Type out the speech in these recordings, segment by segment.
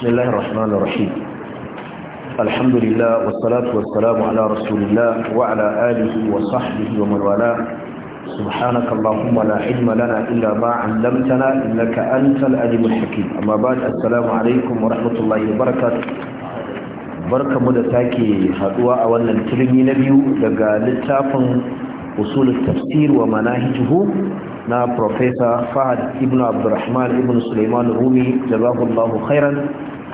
بسم الله الرحمن الرحيم الحمد لله والصلاة والسلام على رسول الله وعلى آله وصحبه ومن والاه سبحانك اللهم لا علم لنا إلا ما علمتنا إنك أنت الأليم الحكيم أما بعد السلام عليكم ورحمة الله وبركاته barka mu da take haduwa a wannan tilmi na biyu daga littafin usul tafsir wa manahijuhu na Profesa fahad ibn abdurrahman ibn suleiman rumi jazakallahu khairan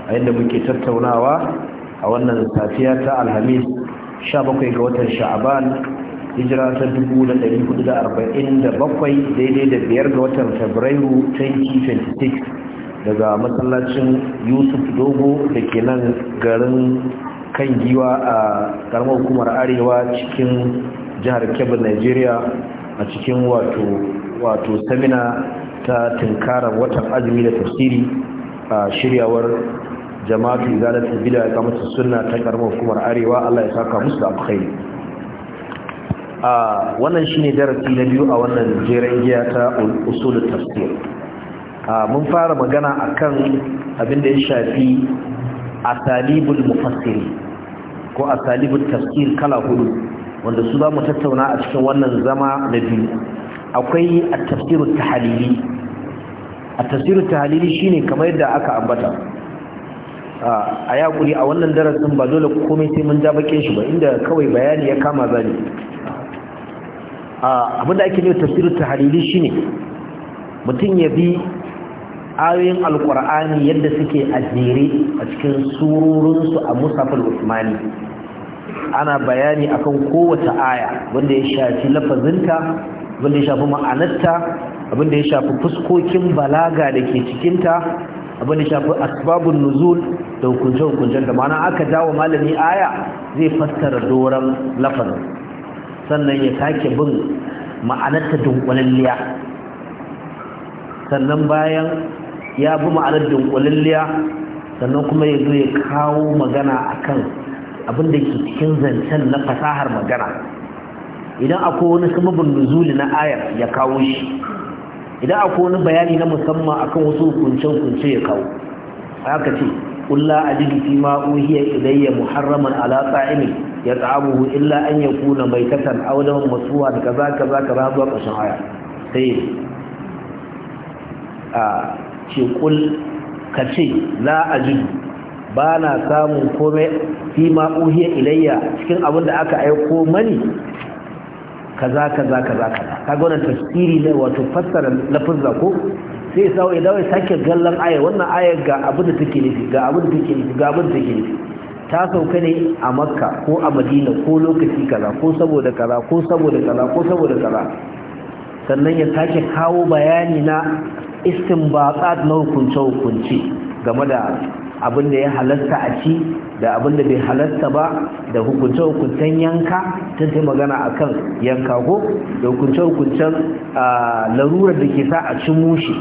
a yadda muke tattaunawa a wannan safiya ta alhamis 17 ga watan sha'aban hijira ta 1447 daidai da biyar ga watan fabrairu 2026 daga masallacin yusuf dogo da ke nan garin kan giwa a karamar hukumar arewa cikin jihar kebbi nigeria a cikin wato wato samina ta tunkarar watan azumi da tafsiri a shiryawar jama'atu izalatul bid'a da kamata sunna ta karamar hukumar arewa Allah ya saka musu da alkhairi a wannan shine darasi na biyu a wannan jeren giya ta usulul tafsir mun fara magana akan abin da ya shafi asalibul mufassiri ko asalibul tafsir kala hudu wanda su za mu tattauna a cikin wannan zama na biyu akwai a tafsirut tahalili a tafsirut tahalili shine kamar yadda aka ambata a ya kuri a wannan darasin ba dole komai sai mun jabake shi ba inda kawai bayani ya kama zani abinda ake ne tafsirut tahalili shine mutum ya bi ayoyin alkur'ani yadda suke jere a cikin sururinsu a musafin usmani ana bayani akan kowace aya wanda ya shafi lafazinta abin da ya shafi ma'anarta abin da ya shafi fuskokin balaga da ke cikinta abin da ya shafi asbabun nuzul da hukunce-hukuncen da mana aka jawo malami aya zai fassara doron lafarin sannan ya sake bin ma'anarta dunkulalliya sannan bayan ya bi ma'anar dunkulalliya sannan kuma ya zo ya kawo magana akan abin da ke cikin zancen na fasahar magana idan akwai wani sababin nuzuli na ayar ya kawo shi idan akwai wani bayani na musamman akan wasu hukunce-hukunce ya kawo haka ce kulla ajidu fi ma uhiya ilayya muharraman ala ta'imin ya ta'abuhu illa an yakuna maitatan aw daman masuwa da kaza kaza kaza zuwa ƙarshen aya sai a ce kul ka ce la ajidu ba na samun komai fi ma uhiya ilayya cikin abin da aka aiko mani kaza kaza kaza kaza kaga wannan tafsiri ne wato fassara lafuzza ko sai ya sawo ya dawo ya sake gallan aya wannan aya ga abin da take nufi ga abin da take nufi ga abin da take nufi ta sauka ne a makka ko a madina ko lokaci kaza ko saboda kaza ko saboda kaza ko saboda kaza sannan ya sake kawo bayani na istinbatsat na hukunce hukunci game da abin da ya halasta a ci da abin da bai halasta ba da hukunce-hukuncen yanka tun sai magana akan yanka ko da hukunce-hukuncen larurar da ke sa a ci mushi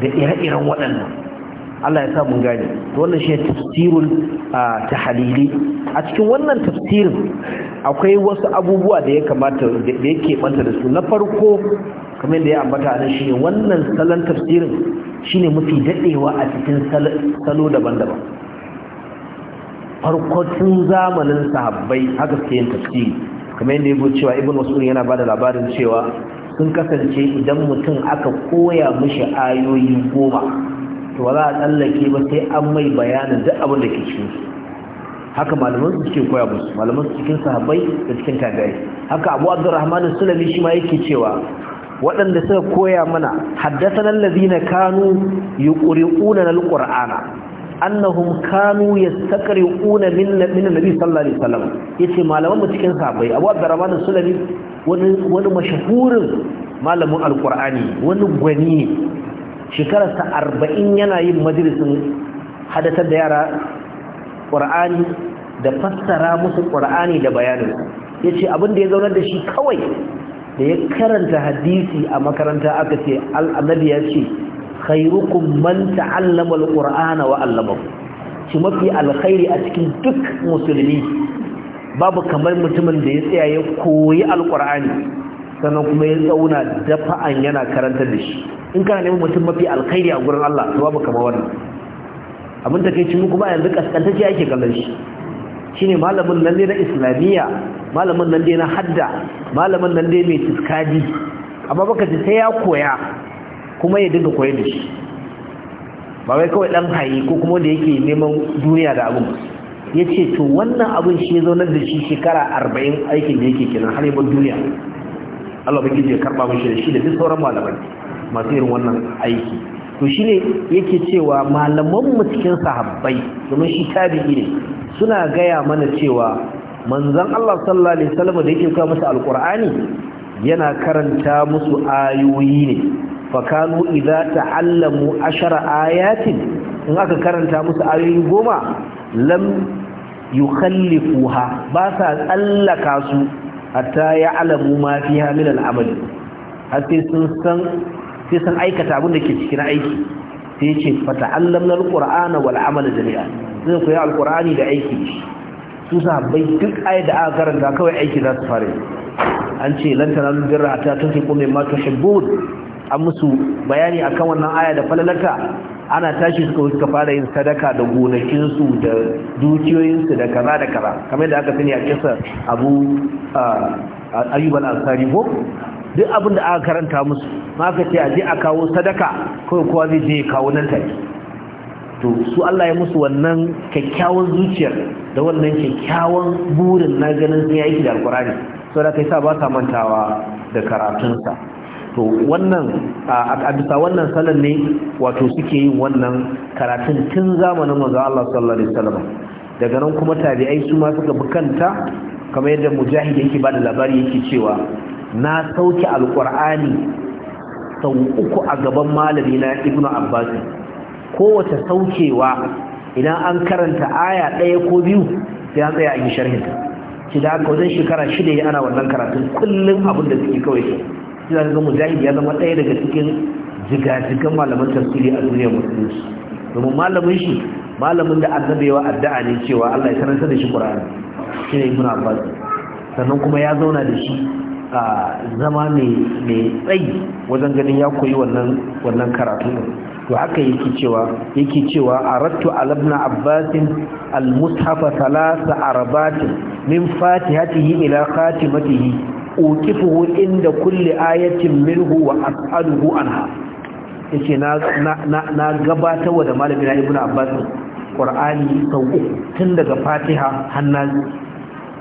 da ire-iren waɗannan Allah ya sa mun gane wannan shi ta tahalili a cikin wannan tafsirin akwai wasu abubuwa da ya kamata da yake banta da su na farko kamar da ya ambata a shi ne wannan salon tafsirin shi ne mafi dadewa a cikin salo daban-daban farkotun zamanin sahabbai haka suke yin tafsiri kamar yadda ya cewa ibn wasu yana ba da labarin cewa sun kasance idan mutum aka koya mishi ayoyi goma to ba za a tsallake ba sai an mai bayanin duk abin da ke cikin haka malaman su suke koya musu malaman su cikin sahabbai da cikin tabi'ai haka Abu Abdurrahman Sulami shi ma yake cewa waɗanda suka koya mana haddathana allazina kanu yuqri'una alqur'ana annahum kanu yastaqri'una min min annabi sallallahu alaihi wasallam yace malaman mu cikin sahabbai Abu Abdurrahman Sulami wani wani mashahurin malamin alqur'ani wani gwani ne sa 40 yana yin majalisin hadatar da yara ƙur'ani da fassara musu ƙur'ani da bayanin ya ce abin da ya zauna da shi kawai da ya karanta hadisi a makaranta aka ce al'adabi ya ce khairukum man ta'allama al wa 'allamahu shi mafi alkhairi a cikin duk musulmi babu kamar mutumin da ya tsaya ya koyi Alƙur'ani sannan kuma ya zauna dafa'an yana karantar da shi in kana neman mutum mafi alkhairi a gurin Allah to babu kamar wannan abin da kai mu kuma yanzu kaskantacce ake kallon shi shine malamin nan ne na islamiyya malamin nan ne na hadda malamin nan ne mai tiskadi amma baka ji sai ya koya kuma ya dinga koyar da shi ba wai kawai dan hayi ko kuma da yake neman duniya da abin yace to wannan abin shi ya zaunar da shi shekara 40 aikin da yake kenan har yabar duniya Allah baki je karba mishi da shi da duk sauran malamai masu irin wannan aiki to shi ne yake cewa malamanmu cikin sahabbai domin shi tabi'i ne suna gaya mana cewa manzon Allah sallallahu alaihi wasallam da yake kawo musu alqur'ani yana karanta musu ayoyi ne fakanu idza ta'allamu ashara ayatin in aka karanta musu ayoyi goma lam yukhallifuha ba sa tsallaka su hatta ya'lamu ma fiha min al'amal amali sai sun san sai san aikata abin da ke cikin aiki sai ya ce fata'allamna alqur'ana wal amala jami'a zai koya alqur'ani da aiki su sahabbai duk ayat da aka karanta kawai aiki za su fara an ce lan tanalu birra hatta tunfiqu mimma tuhibbun an musu bayani akan wannan aya da falalata ana tashi suka suka fara yin sadaka da gonakinsu da dukiyoyinsu da kaza da kaza kamar da aka sani a kisa abu uh, ayyuban ansari ko duk abin da aka karanta musu ma ka ce a a kawo sadaka ko kowa zai je kawo nan take to su Allah ya musu wannan kyakkyawan zuciyar da wannan kyakkyawan burin na ganin sai yi da alkurani da kai sa ba mantawa da karatunsa to wannan a bisa wannan salon ne wato suke yin wannan karatun tun zamanin manzo Allah sallallahu alaihi wasallam daga nan kuma tabi'ai su ma suka bukanta kamar yadda mujahid yake da labari yake cewa na sauke alkur'ani sau uku a gaban malami na ibnu abbas kowace saukewa idan an karanta aya ɗaya ko biyu sai an tsaya a yi sharhin shi da wajen shekara shida ya ana wannan karatun kullum abin da suke kawai shi shi da ga mujahid ya zama ɗaya daga cikin jigajigan malaman tafsiri a duniyar musulunci domin malamin shi malamin da annabewa addu'a ne cewa Allah ya karanta da shi Qur'ani ne Ibn Abbas sannan kuma ya zauna da shi zama mai tsayi wajen ganin ya koyi wannan karatu to haka yake cewa yake cewa arattu alabna abbasin almushafa thalatha arabatin min fatihatihi ila khatimatihi uqifuhu inda kulli ayatin minhu wa as'aluhu anha yake na na na gabatarwa da malamin ibnu abbas qur'ani sau tun daga fatiha hannaz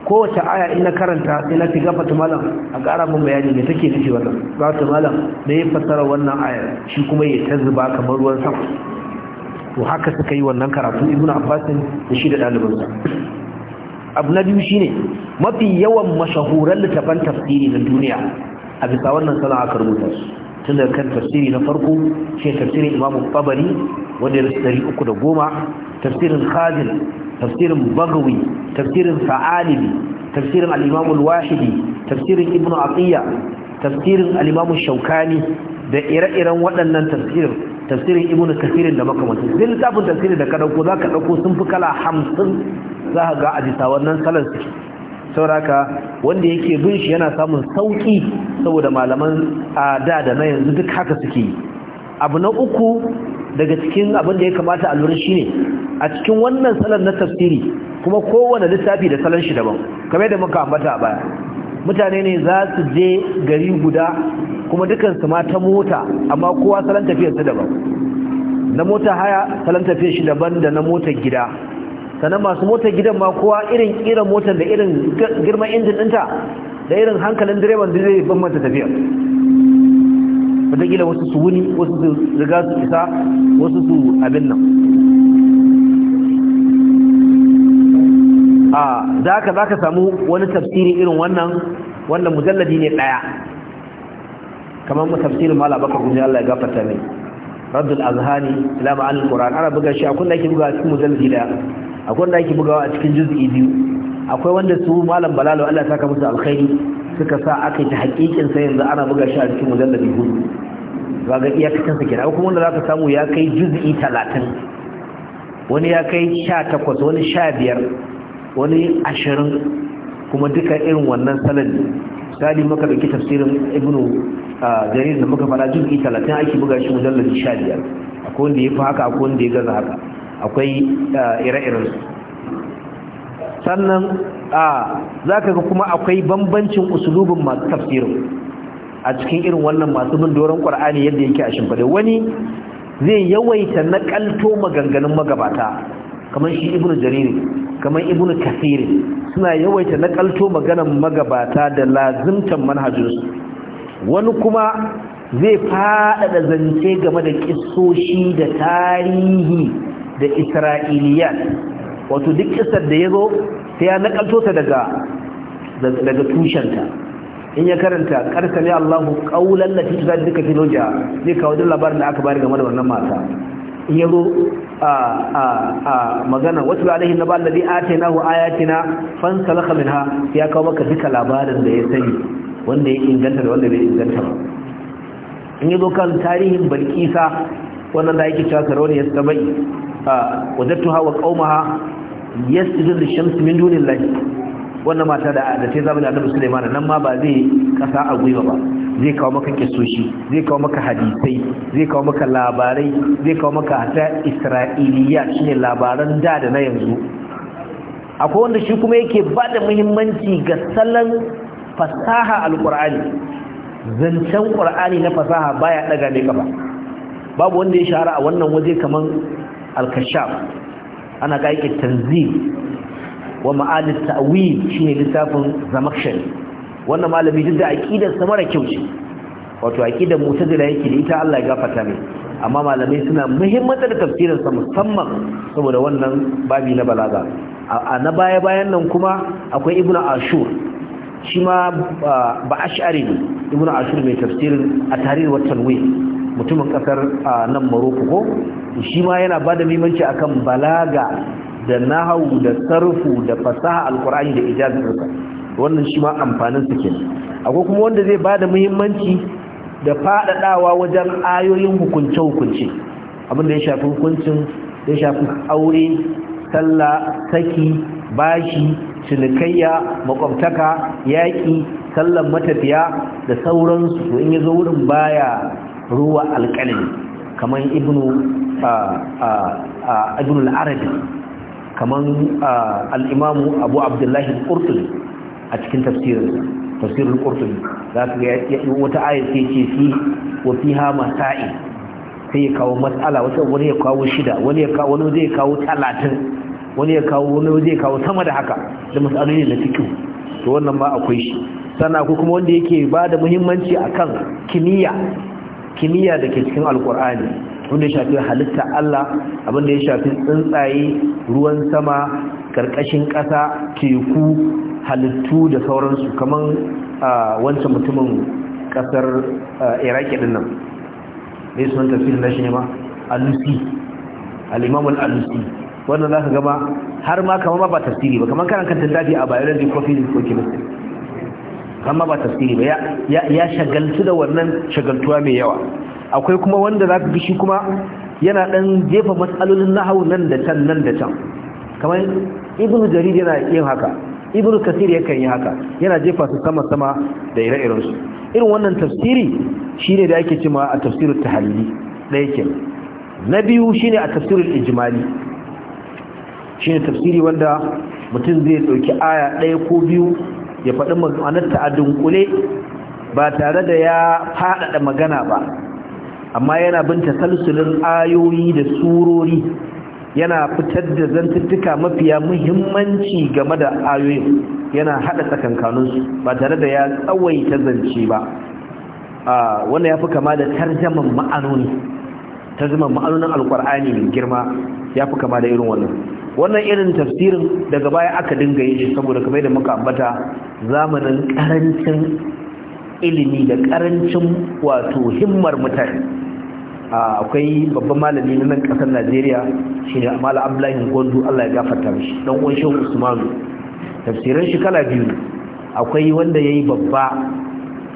kowace aya ina karanta sai na shiga fata malam a ƙara mun bayani me take take wannan ta malam da ya fassara wannan aya shi kuma ya ta zuba kamar ruwan sama to haka suka yi wannan karatu ibn abbas da shi da ɗalibansa abu na biyu shine mafi yawan mashahuran littafan tafsiri na duniya a bisa wannan sana'a aka rubuta su tun daga kan tafsiri na farko shi tafsirin imamu tabari wanda ya rasu 310 tafsirin khadil tafsirin bagawi tafsirin Sa'alibi. tafsirin al wahidi tafsirin ibnu atiya tafsirin al shaukani da ire-iren waɗannan tafsirin tafsirin ibnu kathir da makamantan duk littafin tafsirin da ka za zaka ɗauko sun fi kala za zaka ga a bisa wannan salon su sauraka wanda yake bin shi yana samun sauƙi saboda malaman da da na yanzu duk haka suke abu na uku daga cikin abin da ya kamata a lura shine a cikin wannan salon na tafsiri kuma kowane littafi da salon shi daban kamar da muka ambata a baya mutane ne za su je gari guda kuma dukansu ma ta mota amma kowa salon su daban na mota haya salon tafiyar shi daban da na motar gida sannan masu motar gidan ma kowa irin irin motar da irin girman injin ɗinta da irin hankalin direban da zai bambanta tafiyar wataƙila wasu su wuni wasu su riga su isa wasu su abin nan a za ka za ka samu wani tafsiri irin wannan wanda mujalladi ne ɗaya kamar mu tafsirin mala baka kuma Allah ya gafarta mai raddul azhani ila ma'anil qur'an ana buga shi akwai da ake buga a cikin mujalladi daya, akwai da ake bugawa a cikin juz'i biyu akwai wanda su malam balalo Allah ya saka musu alkhairi suka sa aka yi ta hakikin sai yanzu ana buga shi a cikin mujalladi hudu ba ga iya iyakacin sa kenan kuma wanda zaka samu ya kai juz'i 30 wani ya kai 18 wani 15 wani 20 kuma duka irin wannan salan misali maka dauki tafsirin ibnu jarir da muka fara juz'i 30 ake buga shi mujallal 15 akwai wanda ya fi haka akwai wanda ya gaza haka akwai ire-iren sannan a zaka ga kuma akwai bambancin usulubin masu tafsirin a cikin irin wannan masu bin doron ƙwar'ani yadda yake a shimfade wani zai yawaita na ƙalto maganganun magabata kamar shi ibnu jariri kamar ibnu kafiri suna yawaita na ƙalto maganan magabata da lazimtan manhajinsu wani kuma zai faɗaɗa zance game da ƙisoshi da tarihi da isra'iliyat wato duk ƙisar da ya zo sai ya naƙalto ta daga tushenta in ya karanta karkale Allahu qawlan lati tuzadduka fi zawjiha zai kawo duk labarin da aka bayar game da wannan mata in yazo a a a magana wasu alaihi nabal ladhi atainahu ayatina fansalakha minha ya kawo maka duka labarin da ya sani wanda ya inganta da wanda bai inganta ba in yazo kan tarihin balkisa wannan da yake cewa sarauniyar sabai wajattuha wa qaumaha yasjudu lishamsi min dunillahi wannan mata da da ta da annabi Sulaiman nan ma ba zai kasa a gwiwa ba zai kawo maka kisoshi zai kawo maka hadisai zai kawo maka labarai zai kawo maka hata Isra'iliya shine labaran da da na yanzu akwai wanda shi kuma yake ba da muhimmanci ga salon fasaha alqur'ani zancen qur'ani na fasaha baya daga ne kafa babu wanda ya shahara a wannan waje kaman alkashaf ana ga yake tanzil wa ma'alis ta'wil shine littafin zamakshari wannan malami duk da aqidar sa mara kyau ce wato aqidar mu'tazila yake da ita Allah ya gafarta mai amma malamai suna muhimmanci da tafsirin sa musamman saboda wannan babi na balaga a na baya bayan nan kuma akwai ibnu ashur shi ma ba ash'ari ne ibnu ashur mai tafsirin a tarihin wa tanwir mutumin kasar nan maroko ko shi ma yana bada mimanci akan balaga da nahawu da sarfu da fasaha alkur'ani da Da wannan shi ma amfanin su kenan akwai kuma wanda zai bada muhimmanci da faɗaɗawa wajen ayoyin hukunce hukunce abin da ya shafi hukuncin ya shafi aure sallah saki bashi cinikayya makwabtaka yaki, sallan matafiya da sauransu to in ya zo wurin baya ruwa alƙalin kamar ibnu ibnu al-arabi kaman al-Imam Abu Abdullah al-Qurtubi a cikin tafsirinsa tafsirul Qurtubi zaka yi wata aya sai ce fi wa fiha masa’i sai ya kawo mas'ala wata wani ya kawo shida wani ya kawo wani zai kawo 30 wani ya kawo wani zai kawo sama da haka da ne na cikin to wannan ba akwai shi sana ko kuma wanda yake ba da muhimmanci akan kimiyya kimiyya da ke cikin alkur'ani abinda ya shafi halitta Allah abinda ya shafi tsuntsaye ruwan sama karkashin ƙasa teku halittu da sauransu kaman wancan mutumin ƙasar iraki din nan ne sunan tafsir na shi ne ma alusi al'imamul alusi wannan za ka gama har ma kama ba tafsiri ba kaman karan kantar dafi a biology ko physics ko chemistry kama ba tafsiri ba ya shagaltu da wannan shagaltuwa mai yawa akwai kuma wanda za ka fi shi kuma yana ɗan jefa matsalolin nahawu nan da can nan da can kamar ibnu jarid yana yin haka ibnu kasir yakan yi haka yana jefa su sama sama da ire-iren irin wannan tafsiri shine da ake cewa a tafsirul tahalli da yake na biyu shine a tafsirul ijmali shine tafsiri wanda mutum zai ɗauki aya ɗaya ko biyu ya faɗi ma'anarta a dunkule ba tare da ya faɗaɗa magana ba amma yana bin tasalsulin ayoyi da surori yana fitar da zantuttuka mafiya muhimmanci game da ayoyin yana hada tsakankaninsu ba tare da ya tsawaita zance ba wannan ya fi kama da tarjaman ma'anoni tarjaman ma'anonin alkur'ani mai girma ya fi kama da irin wannan wannan irin tafsirin daga baya aka dinga yi saboda kamar da muka ambata zamanin karancin ilimi da karancin wato himmar mutane akwai babban malami na nan kasar Najeriya shi ne Mala Abdullahi Gondu Allah ya gafarta mishi dan uwan Shehu Usmanu tafsirin shi kala biyu akwai wanda yayi babba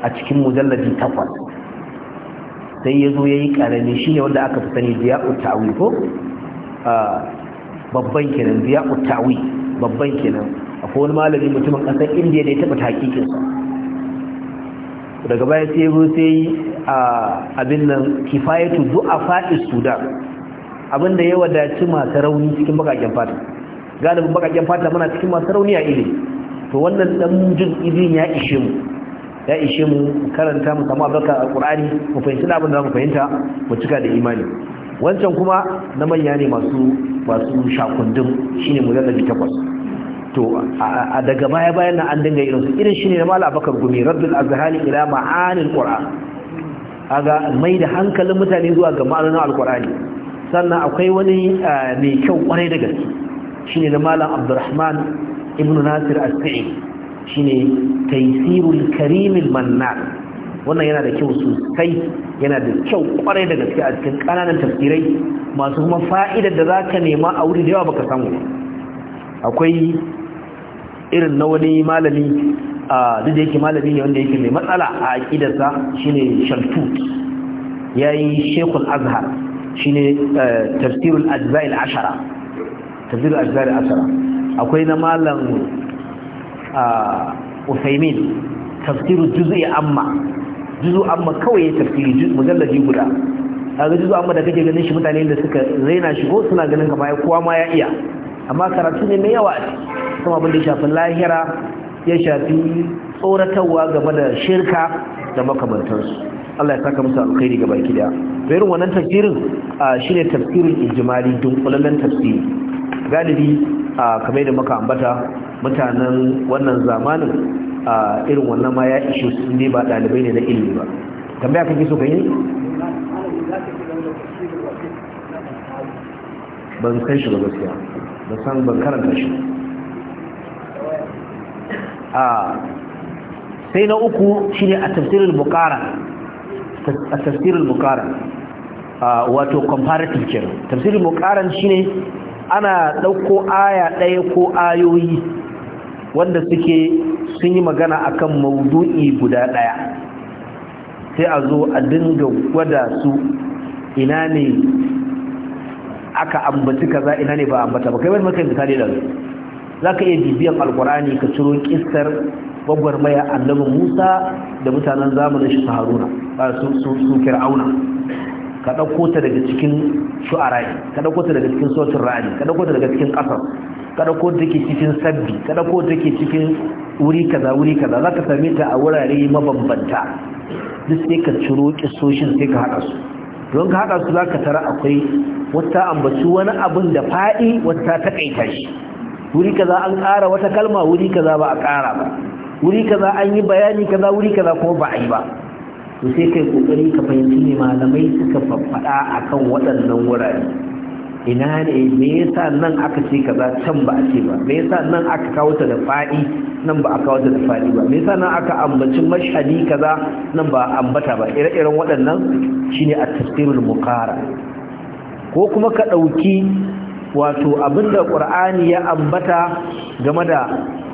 a cikin mujalladi takwas sai yazo yayi karami ne wanda aka fi sani Diya'u Ta'wi ko babban kenan Diya'u Ta'wi babban kenan akwai wani malami mutumin ƙasar Indiya da ya taba hakikin sa daga baya sai ya sai a abin nan kifayatu du'a fa'is sudan abinda ya wadaci masu rauni cikin bakaken fata galibin bakaken fata muna cikin masu rauni a ilimi to wannan dan jin izin ya ishe mu ya ishe mu karanta mu samu albarka alqur'ani mu fahimci abin da mu fahimta mu cika da imani wancan kuma na manya ne masu masu shakundin shine mu bi takwas to a daga baya bayan nan an dinga irin su irin shine mala bakar gumi rabbul azhali ila ma'anil qur'an aga mai da hankalin mutane zuwa ga ma'anar alqur'ani sannan akwai wani mai kyau kwarai da gaske shine na malam abdurrahman ibnu nasir as-sa'i shine taysirul karimil mannan wannan yana da kyau sosai yana da kyau kwarai da gaske a cikin kananan tafsirai masu kuma fa'idar da zaka nema a wuri da yawa baka samu akwai irin na wani malami a duk da yake malami ne wanda yake mai matsala a aqidarsa shine shaltut yayi shekul azhar shine eh, tafsirul ajza'il ashara tafsirul ajza'il ashara akwai na malam Uthaymin tafsirul juz'i amma juzu amma kawai ya tafsiri mujallaji guda kaga juzu amma da kake ganin shi mutane da suka zaina shi ko suna ganin ya kowa ma ya iya amma karatu ne mai yawa ne. kuma abin da shafin lahira ya shafi tsoratarwa game da shirka da makamantarsu Allah ya saka musu alkhairi gaba ki daya bayan wannan tafsirin shine tafsirin ijmali dunkulallen tafsiri galibi kamar da muka ambata mutanen wannan zamanin irin wannan ma ya ishe su ne ba dalibai ne na ilimi ba tambaya kake so kai ban san shi ba gaskiya da san ban karanta shi a sai na uku shine a tafsirin bukara a tafsirin buqara wato comparative kenan tafsirin buqara shine ana dauko aya daya ko ayoyi wanda suke sun yi magana akan maudu'i guda daya sai a zo a dinga gwada su ina ne aka ambaci kaza ina ne ba ambata ba kai wani maka misali da za ka iya bibiyan alkurani ka ciro kistar gwagwarmaya annabin musa da mutanen zamanin shi haruna su fir'auna ka ɗauko ta daga cikin shu'arai ka ɗauko ta daga cikin sautin ra'ani ka ɗauko ta daga cikin ƙasar ka ɗauko ta ke cikin sabbi ka ɗauko ta ke cikin wuri kaza wuri kaza za ka same ta a wurare mabambanta duk sai ka ciro kisoshin sai ka haɗa su don ka haɗa su za ka tara akwai wata ambaci wani abin da faɗi wata taƙaita shi wuri za an ƙara wata kalma wuri za ba a ƙara ba wuri za an yi bayani kaza wuri kaza kuma ba a yi ba to sai kai ƙoƙari ka fahimci ne malamai suka faɗa kan waɗannan wurare ina ne me yasa nan aka ce kaza can ba a ce ba me yasa nan aka kawo ta da fa'i nan ba a kawo ta da fa'i ba me yasa nan aka ambaci mashhadi kaza nan ba ambata ba ire-iren waɗannan shine at-tafsirul muqara ko kuma ka dauki wato abinda qur'ani ya ambata game da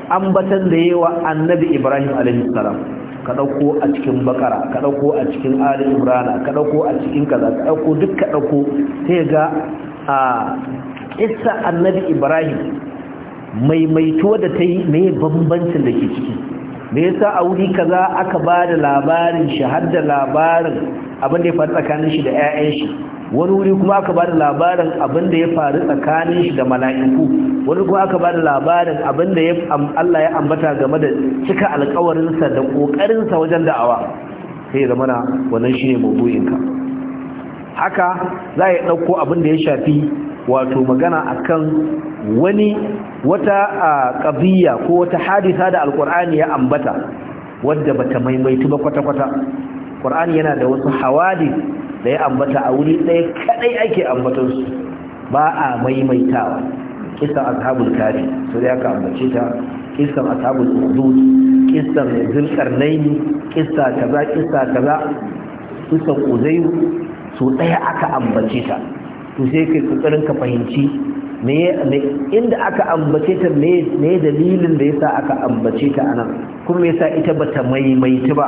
ambatan da yawa annabi ibrahim alaihi salam ka dauko a cikin bakara ka dauko a cikin ali imrana ka dauko a cikin kaza ka dauko duk ka dauko sai ga a isa annabi ibrahim maimaito da ta yi mai bambancin da ke ciki me yasa a wuri kaza aka ba da labarin shi har da labarin abin da ya faru tsakanin shi da 'ya'yan shi wani wuri kuma aka ba da labarin abin da ya faru tsakanin shi da mala'iku wani kuma aka ba da labarin abin da Allah ya ambata game da cika alkawarinsa da ƙoƙarinsa wajen da'awa sai zamana wannan shi ne mabu'inka haka za yi ɗauko abin da ya shafi wato magana a kan wani wata ƙabiya ko wata hadisa da alƙur'ani ya ambata wadda ba ta maimaitu ba kwata-kwata ƙur'ani yana da wasu hawadi da ya ambata a wuri ɗaya kaɗai ake ambatansu ba a maimaitawa kisan ashabul kari su da aka ambace ta kisan ashabul hudud kisan zulkarnaini kisa kaza kisa kaza kisan uzairu so ɗaya aka ambace ta to sai kai kokarin ka fahimci inda aka ambace ta me dalilin da yasa aka ambace ta anan kuma me yasa ita bata maimaitu ba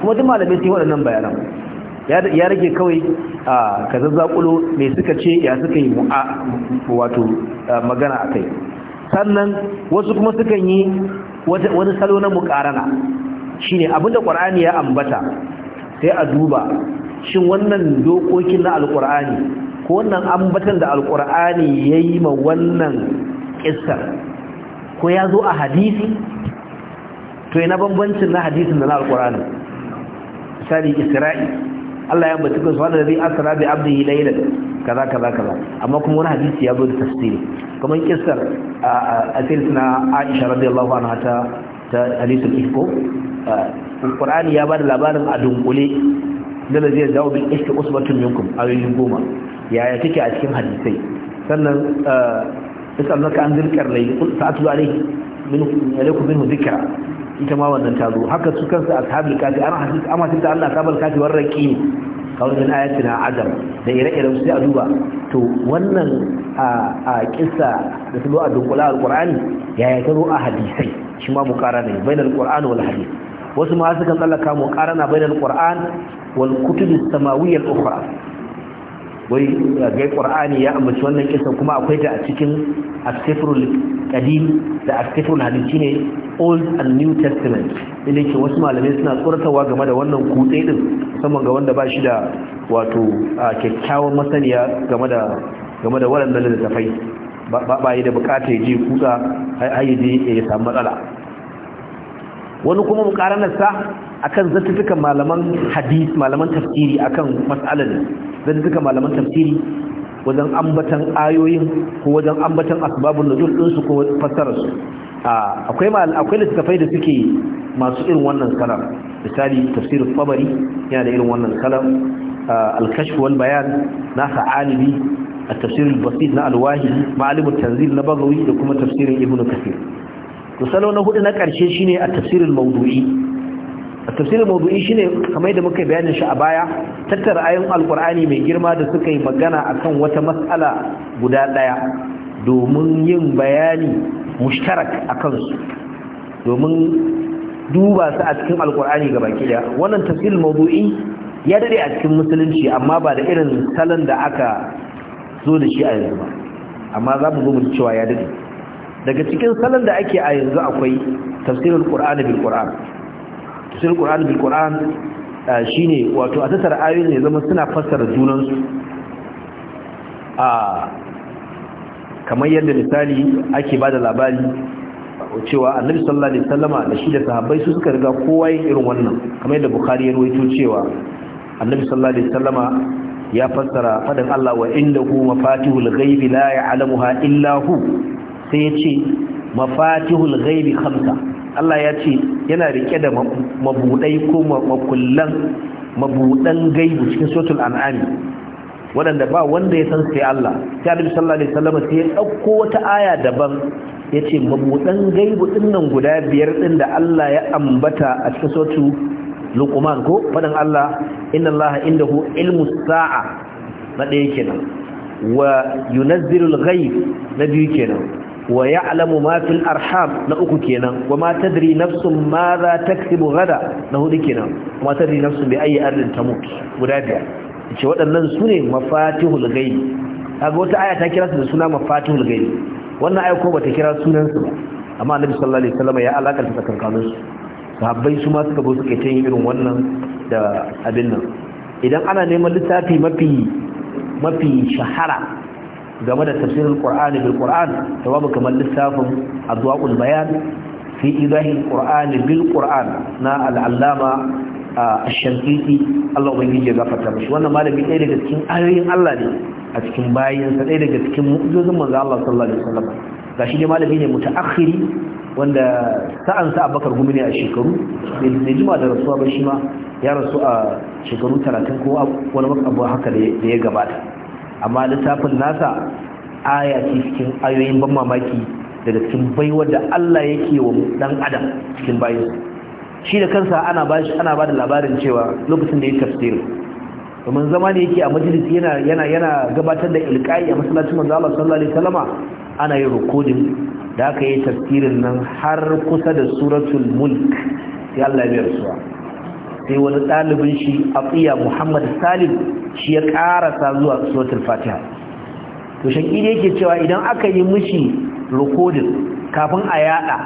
kuma duk malamai sai waɗannan bayanan ya rage kawai a ka zazzakulo me suka ce ya suka yi wato magana akai sannan wasu kuma sukan yi wani salo na mukarana shine abinda qur'ani ya ambata sai a duba shin wannan dokokin na alkur'ani ko wannan ambatan da alkur'ani ya yi ma wannan ƙistar ko ya zo a hadisi to yana bambancin na hadisin da na alkur'ani misali isra'i Allah ya batuka su wanda zai asara da yi laylan kaza kaza kaza amma kuma wani hadisi ya zo da tafsiri kamar kissar a na Aisha radiyallahu anha ta ta hadisul ifko Qur'ani ya da labarin a dunkule dala zai dawo bin iske usbatun minkum ayoyin goma yaya take a cikin hadisai sannan eh, isallaka an zirkar lai sa'atu alaihi min alaikum minhu dhikra ita ma wannan ta zo haka su kansu ashabul kafi an hadisi amma sai Allah sabal kafi warraki kawai min ayatina adam da ire-iren sai a duba to wannan a kissa da su zo a dunkula alqur'ani yaya ta zo a hadisai shi ma mukara ne bainal qur'ani wal hadisi wasu ma suka tsallaka mu qarana bainal qur'an wal kutub as-samawiyyah al-ukhra wai eh, ga qur'ani ya ambaci wannan kisa kuma akwai ta a cikin as-sifrul qadim da as-sifrul hadin ne old and new testament inda ke wasu malamai suna tsoratawa game da wannan kutse din musamman ga wanda ba shi da wato kyakkyawan masaniya game da game da waɗannan littattafai ba yi da bukata ya je kuka har ya je ya samu matsala wani kuma mukaranarsa akan zantukan malaman hadith malaman tafsiri akan mas'alar zantukan malaman tafsiri wajen ambatan ayoyin ko wajen ambatan asbabun nuzul din su ko fassarar su akwai akwai littafai da suke masu irin wannan kalam misali tafsirul tabari yana da irin wannan kalam al-kashf wal bayan na sa'alibi at-tafsir al-basit na al-wahidi ma'alim tanzil na da kuma tafsirin ibnu kathir to salo na hudu na karshe shine a tafsirin mawdu'i a tafsirin mawdu'i shine kamar da muka bayyana shi a baya tattara ayoyin alqur'ani mai girma da suka yi magana akan wata mas'ala guda daya domin yin bayani mushtarak akan su domin duba su a cikin alqur'ani gaba daya wannan tafsirin mawdu'i ya dade a cikin musulunci amma ba da irin salon da aka zo da shi a yanzu ba amma za mu zo mu cewa ya dade daga cikin salon da ake a yanzu akwai tafsirin ƙur'ani bil ƙur'an tafsirin ƙur'ani bil shi ne wato a tattara ayoyin ya zama suna fassara junansu a kamar yadda misali ake ba da labari cewa annabi sallallahu alaihi wasallama da shi da sahabbai su suka riga kowa yin irin wannan kamar yadda bukhari ya rawaito cewa annabi sallallahu alaihi wasallama ya fassara fadin Allah wa inda indahu mafatihul ghaibi la ya'lamuha illa hu sai ya ce mafatihul ghaibi khamsa Allah ya ce yana rike da mabudai ko makullan mabudan gaibi cikin suratul an'am waɗanda ba wanda ya san sai Allah ta sallallahu alaihi wasallam sai ya dauko wata aya daban yace mabudan gaibi dinnan guda biyar din da Allah ya ambata a cikin suratul Luqman ko fadan Allah inna Allah indahu ilmu sa'a na ɗaya kenan wa yunazzilul ghaib na biyu kenan wa ya'lamu ma fil arham na uku kenan wa ma tadri nafsun ma za taksubu gada na hudu kenan wa ma tadri nafsun bi ayi ardin tamut guda biyar ce waɗannan sune mafatihul ghaib kaga wata aya ta kira su da suna mafatihul ghaib wannan aya ko bata kira sunan su ba amma annabi sallallahu alaihi wasallam ya alakanta tsakankanin su sahabbai su ma suka bo suka yi irin wannan da abin nan idan ana neman littafi mafi mafi shahara game da tafsirin qur'ani bil qur'an da babu kamar lissafin adwaul bayan fi idahi qur'an bil qur'an na al a ash-shankiti Allah ubangiji ya gafarta mishi wannan malami ɗaya daga cikin ayoyin Allah ne a cikin bayin sa ɗaya daga cikin mu'jizozin manzo Allah sallallahu alaihi wasallam gashi dai malami ne mutaakhiri wanda sa'an sa Abubakar gumi ne a shekaru bai jima da rasuwa ba shi ma ya rasu a shekaru 30 ko wani abu haka da ya gabata amma littafin nasa aya ce cikin ayoyin ban mamaki daga cikin baiwar da Allah yake wa dan adam cikin bayin shi da kansa ana ba shi ana ba da labarin cewa lokacin da yake tafsiri domin zama da yake a majalisi yana yana yana gabatar da ilqai a masallacin manzo Allah sallallahu alaihi wasallama ana yin recording da aka yi tafsirin nan har kusa da suratul mulk sai Allah ya bi rasuwa sai wani ɗalibin shi atiya muhammad salim shi ya karasa zuwa suratul fatiha to shakiri yake cewa idan aka yi mishi recording kafin a yada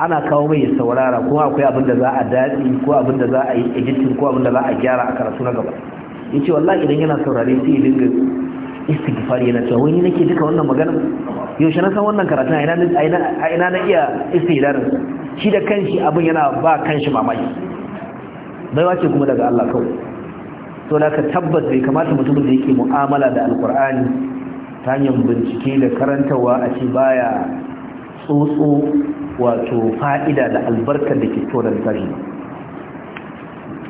ana kawo mai saurara kuma akwai abin da za a daɗi ko abin da za a yi editing ko abin da za a gyara a karatu na gaba yace wallahi idan yana saurare sai ya dinga istighfar yana cewa wani nake duka wannan magana yaushe na san wannan karatun a ina na iya istighfar shi da kanshi abin yana ba kanshi mamaki baiwa ce kuma daga Allah kawai to da ka tabbas bai kamata mutumin da yake mu'amala da alkur'ani ta hanyar bincike da karantawa a ce baya tsotso wato fa'ida da albarkar da ke tsoron tashi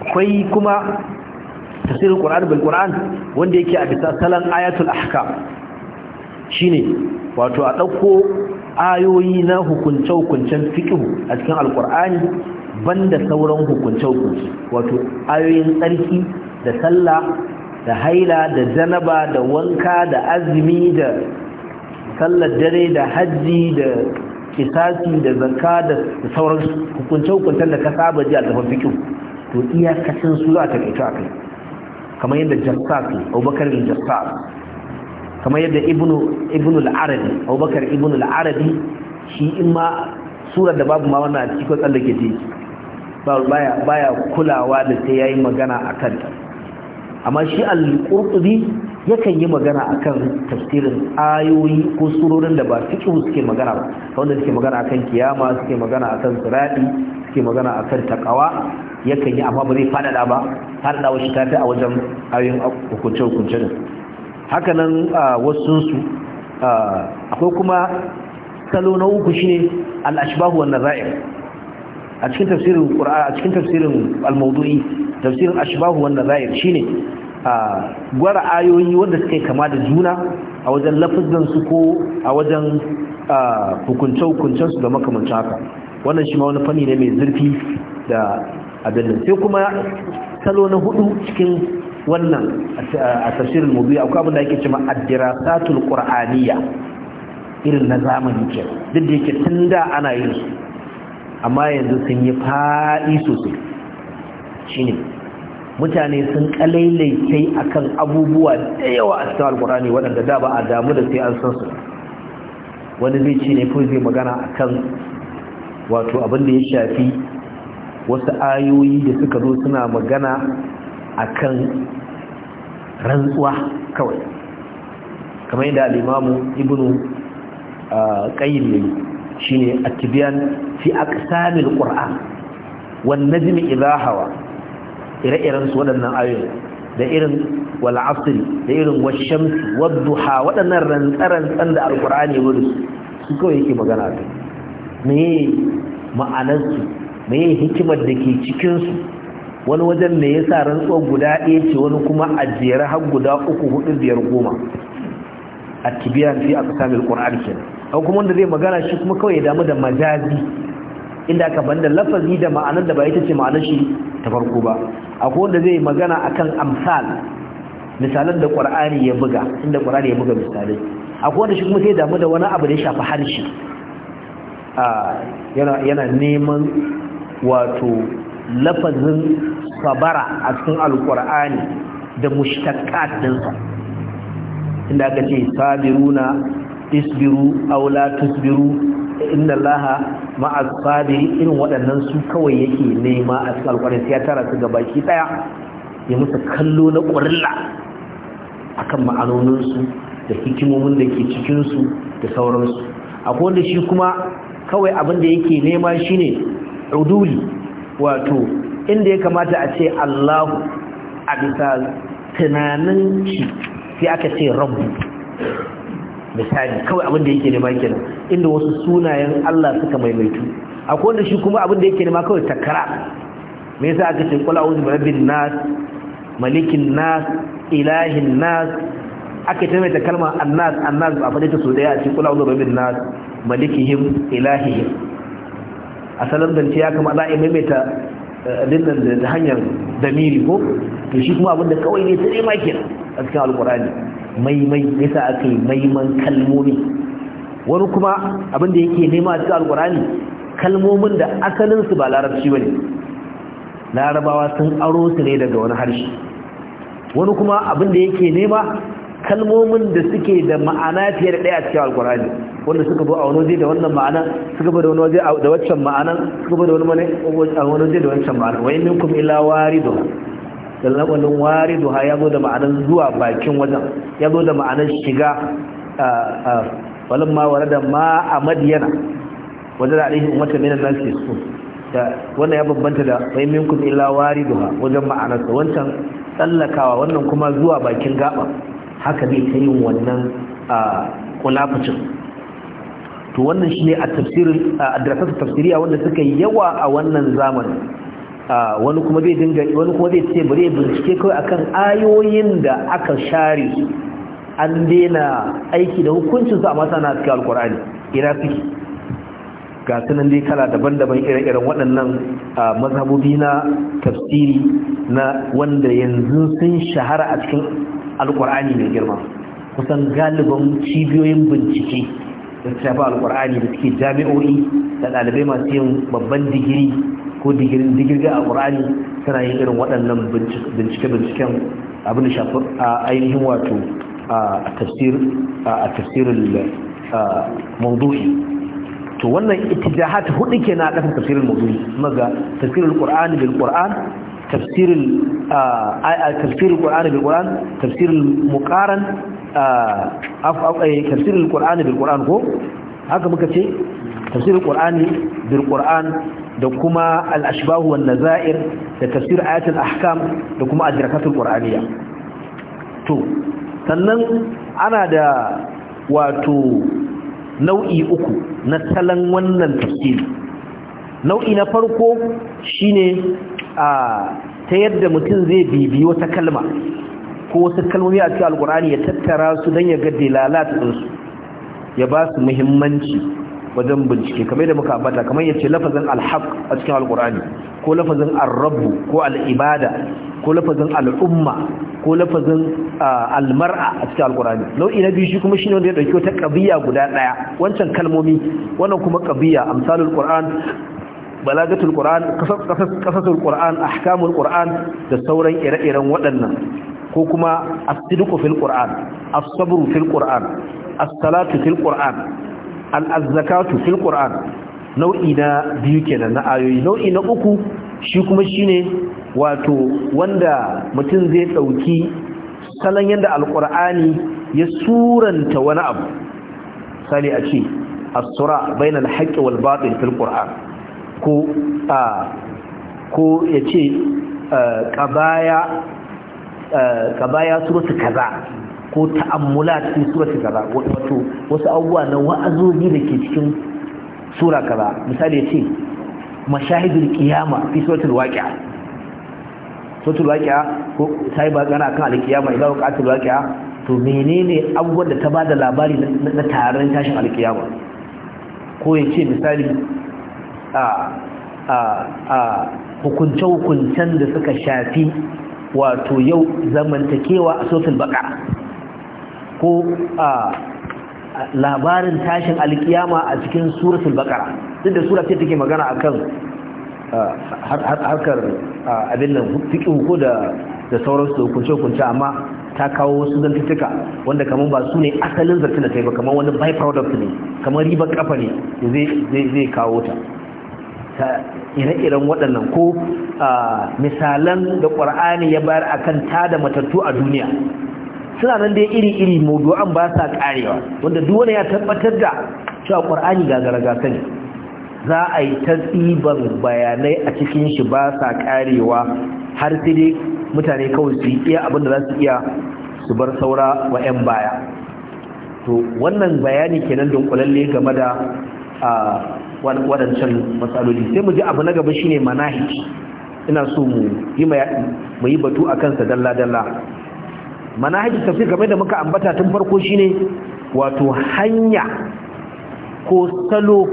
akwai kuma tasirin qur'ani bil qur'an wanda yake a bisa salon ayatul ahkam shine wato a ɗauko ayoyi na hukunce-hukuncen fiƙihu a cikin alqur'ani banda sauran hukunce-hukunce wato ayoyin tsarki da sallah da haila da janaba da wanka da azumi da sallar dare da hajji da kisasi da zakka da sauran hukunce-hukuncen da ka saba ji a tafan fikin to iyakacin su za a takaita a kai kamar yadda jassas abubakar jassas kamar yadda ibnu al-arabi abubakar ibnu al-arabi shi in ma surar da babu ma wannan cikin tsallake ce baya baya kulawa da sai yayi magana akan ta amma shi al-qurtubi yakan yi magana akan tafsirin ayoyi ko surorin da ba fiqh suke magana ba wanda suke magana akan kiyama suke magana akan sirati suke magana akan taqwa yakan yi amma ba zai da ba da wasu ta a wajen ayoyin hukunce hukunce haka nan wasu su akwai kuma salo na uku shine al-ashbahu wan nazair a cikin tafsirin qur'ani a cikin tafsirin al-mawdu'i tafsirin ashbahu wannan zahir shine a gwara ayoyi wanda suke kama da juna a wajen lafazin su ko a wajen hukunce hukuncen su da makamancin haka wannan shi ma wani fanni ne mai zurfi da adalin sai kuma salo na hudu cikin wannan a tafsirin mawdu'i akwai abin da ake cewa ad-dirasatul qur'aniyya irin na zamani ke duk da yake tun da ana yin su amma yanzu sun yi faɗi sosai ne mutane sun a akan abubuwa da yawa a cikin alkurani waɗanda da ba a damu da sai an san su wani zai ce ne kuma zai magana kan wato abinda ya shafi wasu ayoyi da suka zo suna magana akan rantsuwa kawai kamar yadda al'imamu ibnu ah, qayyim yayi shine a tibyan fi aqsamil qur'an wan najm idha hawa ire-iren su waɗannan ayoyi da irin wal da irin wash-shams wad waɗannan rantsaran da al ya gudu su kawai yake magana da me ma'anar su me hikimar da ke cikin su wani wajen me yasa rantsuwar guda ɗaya ce wani kuma a jere har guda uku hudu biyar goma A tibyan fi aqsamil qur'an kenan an kuma wanda zai magana shi kuma kawai ya damu da majazi inda aka banda lafazi da ma'anar da ba ita ce ma'anar shi ta farko ba akwai wanda zai magana akan amsal misalan da qur'ani ya buga inda qur'ani ya buga misalai akwai wanda shi kuma sai damu da wani abu da ya shafi harshe a yana yana neman wato lafazin sabara a cikin alqur'ani da mushtaqat dinsa inda aka ce sabiruna isbiru aw la tusbiru inna allaha ma'a sabiri irin waɗannan su kawai yake nema a cikin alƙwarin sai ya tara su gabaki daya ya musu kallo na ƙurilla akan ma'anoninsu da hikimomin da ke cikinsu da sauransu akwai wanda shi kuma kawai abin da yake nema shine uduli wato inda ya kamata a ce Allahu a bisa tunanin shi sai aka ce rabbu misali kawai abin da yake nema kenan inda wasu sunayen Allah suka maimaitu akwai wanda shi kuma abin da yake nema kawai takara me yasa aka ce qul a'udhu rabbin nas malikin nas ilahin nas aka ce mai kalma annas annas ba faɗe ta so da ya ce qul a'udhu rabbin nas malikihim ilahihim asalan dan ce ya kama za a maimaita eh, dinnan da hanyar damiri ko to shi kuma abin da kawai ne sai ma kenan a cikin alqur'ani maimai yasa aka yi maiman kalmomi wani kuma abin da yake nema a cikin alkurani kalmomin da asalinsu ba larabci ba ne larabawa sun aro su ne daga wani harshe wani kuma abin da yake nema kalmomin da suke da ma'ana fiye da ɗaya a cikin alkurani wanda suka zo a wani waje da wannan ma'ana suka zo da wani waje da waccan ma'ana suka zo da wani waje da waccan ma'ana kuma in minkum illa waridun da wari duha ya zo da ma'anar zuwa bakin wajen ya zo da ma'anar shiga walamma warada ma a madiyana wajen da alaihi umarta na. nan su da wannan ya bambanta da fahimminkum illa duha wajen ma'anarsa wancan tsallakawa wannan kuma zuwa bakin gaba haka ne ta yin wannan kulafacin to wannan shine a tafsirin a tafsiriya wanda suka yawa a wannan zamanin wani kuma zai dinga wani kuma zai ce bare bincike kawai akan ayoyin da aka share an daina aiki da hukuncin su a masana cikin alkur'ani ina fi ga sunan dai kala daban-daban ire-iren waɗannan mazhabobi na tafsiri na wanda yanzu sun shahara a cikin alkur'ani mai girma kusan galibin cibiyoyin bincike da shafi alkur'ani da suke jami'o'i da ɗalibai masu yin babban digiri ko digirga a ƙur'ani suna yin irin waɗannan bincike-binciken abin da shafi a ainihin wato a tafsirin mawdu'i to wannan ittijahat hudu ke na ƙasar tafsirin mawdu'i maga tafsirin qur'ani bil qur'an tafsirin tafsirin qur'ani bil qur'an tafsirin muƙaran eh, tafsirin qur'ani bil qur'an ko haka muka ce tafsirin qur'ani bil qur'an da kuma al-ashbahu wan nazair da tafsir ayatul ahkam da kuma adirakatul qur'aniyya to sannan ana da wato nau'i uku na salon wannan tafsiri nau'i na farko shine a ta yadda mutum zai bibi wata kalma ko wasu kalmomi a cikin alkur'ani ya tattara su don ya ga dalalat ɗinsu ya ba su muhimmanci wajen bincike kamar da muka ambata kamar yace lafazin alhaq a cikin alqur'ani ko lafazin arrabu ko alibada ko lafazin al'umma ko lafazin almar'a a cikin alqur'ani nau'i na biyu shi kuma shine wanda ya dauki wata qabiya guda daya wancan kalmomi wannan kuma qabiya amsalul qur'an balagatul qur'an qasasul qur'an ahkamul qur'an da sauran ire-iren waɗannan ko kuma as-sidqu fil qur'an as-sabru fil qur'an as-salatu fil qur'an al'azzakatu zakatu fil nau'i na biyu kenan na ayoyi nau'i na uku shi kuma shine wato wanda mutum zai ɗauki salon yadda alqur'ani ya suranta wani abu sali a ce as-sura bainal haqqi wal batil fil qur'an ko a ko yace qabaya qabaya suratu kaza ko ta'ammulat fi surati kaza wato wasu abubuwa na wa'azoji da ke cikin sura kaza misali ya ce mashahidul kiyama fi suratul waqi'a suratul waqi'a ko sai ba gana kan alqiyama idan waqatul waqi'a to menene abubuwan da ta bada labari na taron tashin alqiyama ko ya ce misali a a a hukunce-hukuncen da suka shafi wato yau zamantakewa a suratul baka ko a labarin tashin alkiyama a cikin suratul baqara duk da sura ce take magana akan harkar abin nan fiqh ko da da su hukunce hukunce amma ta kawo wasu zantuttuka wanda kamar ba su ne asalin da ta yi ba kamar wani byproduct ne kamar riba kafa ne zai kawo ta ta ire-iren waɗannan ko misalan da ƙwar'ani ya bayar akan ta da matattu a duniya suna nan dai iri-iri mawdu'an ba sa karewa wanda duk wani ya tabbatar da cewa qur'ani gagaraga sani za a yi ta bayanai a cikin shi ba sa karewa har sai dai mutane kawai su yi iya abin da za su iya su bar saura wa 'yan baya to wannan bayani kenan dunkulalle game da waɗancan matsaloli sai mu ji abu na gaba shine manahij ina so mu yi batu a kansa dalla-dalla manhajin tafsir game da muka ambata tun farko shine wato hanya ko salo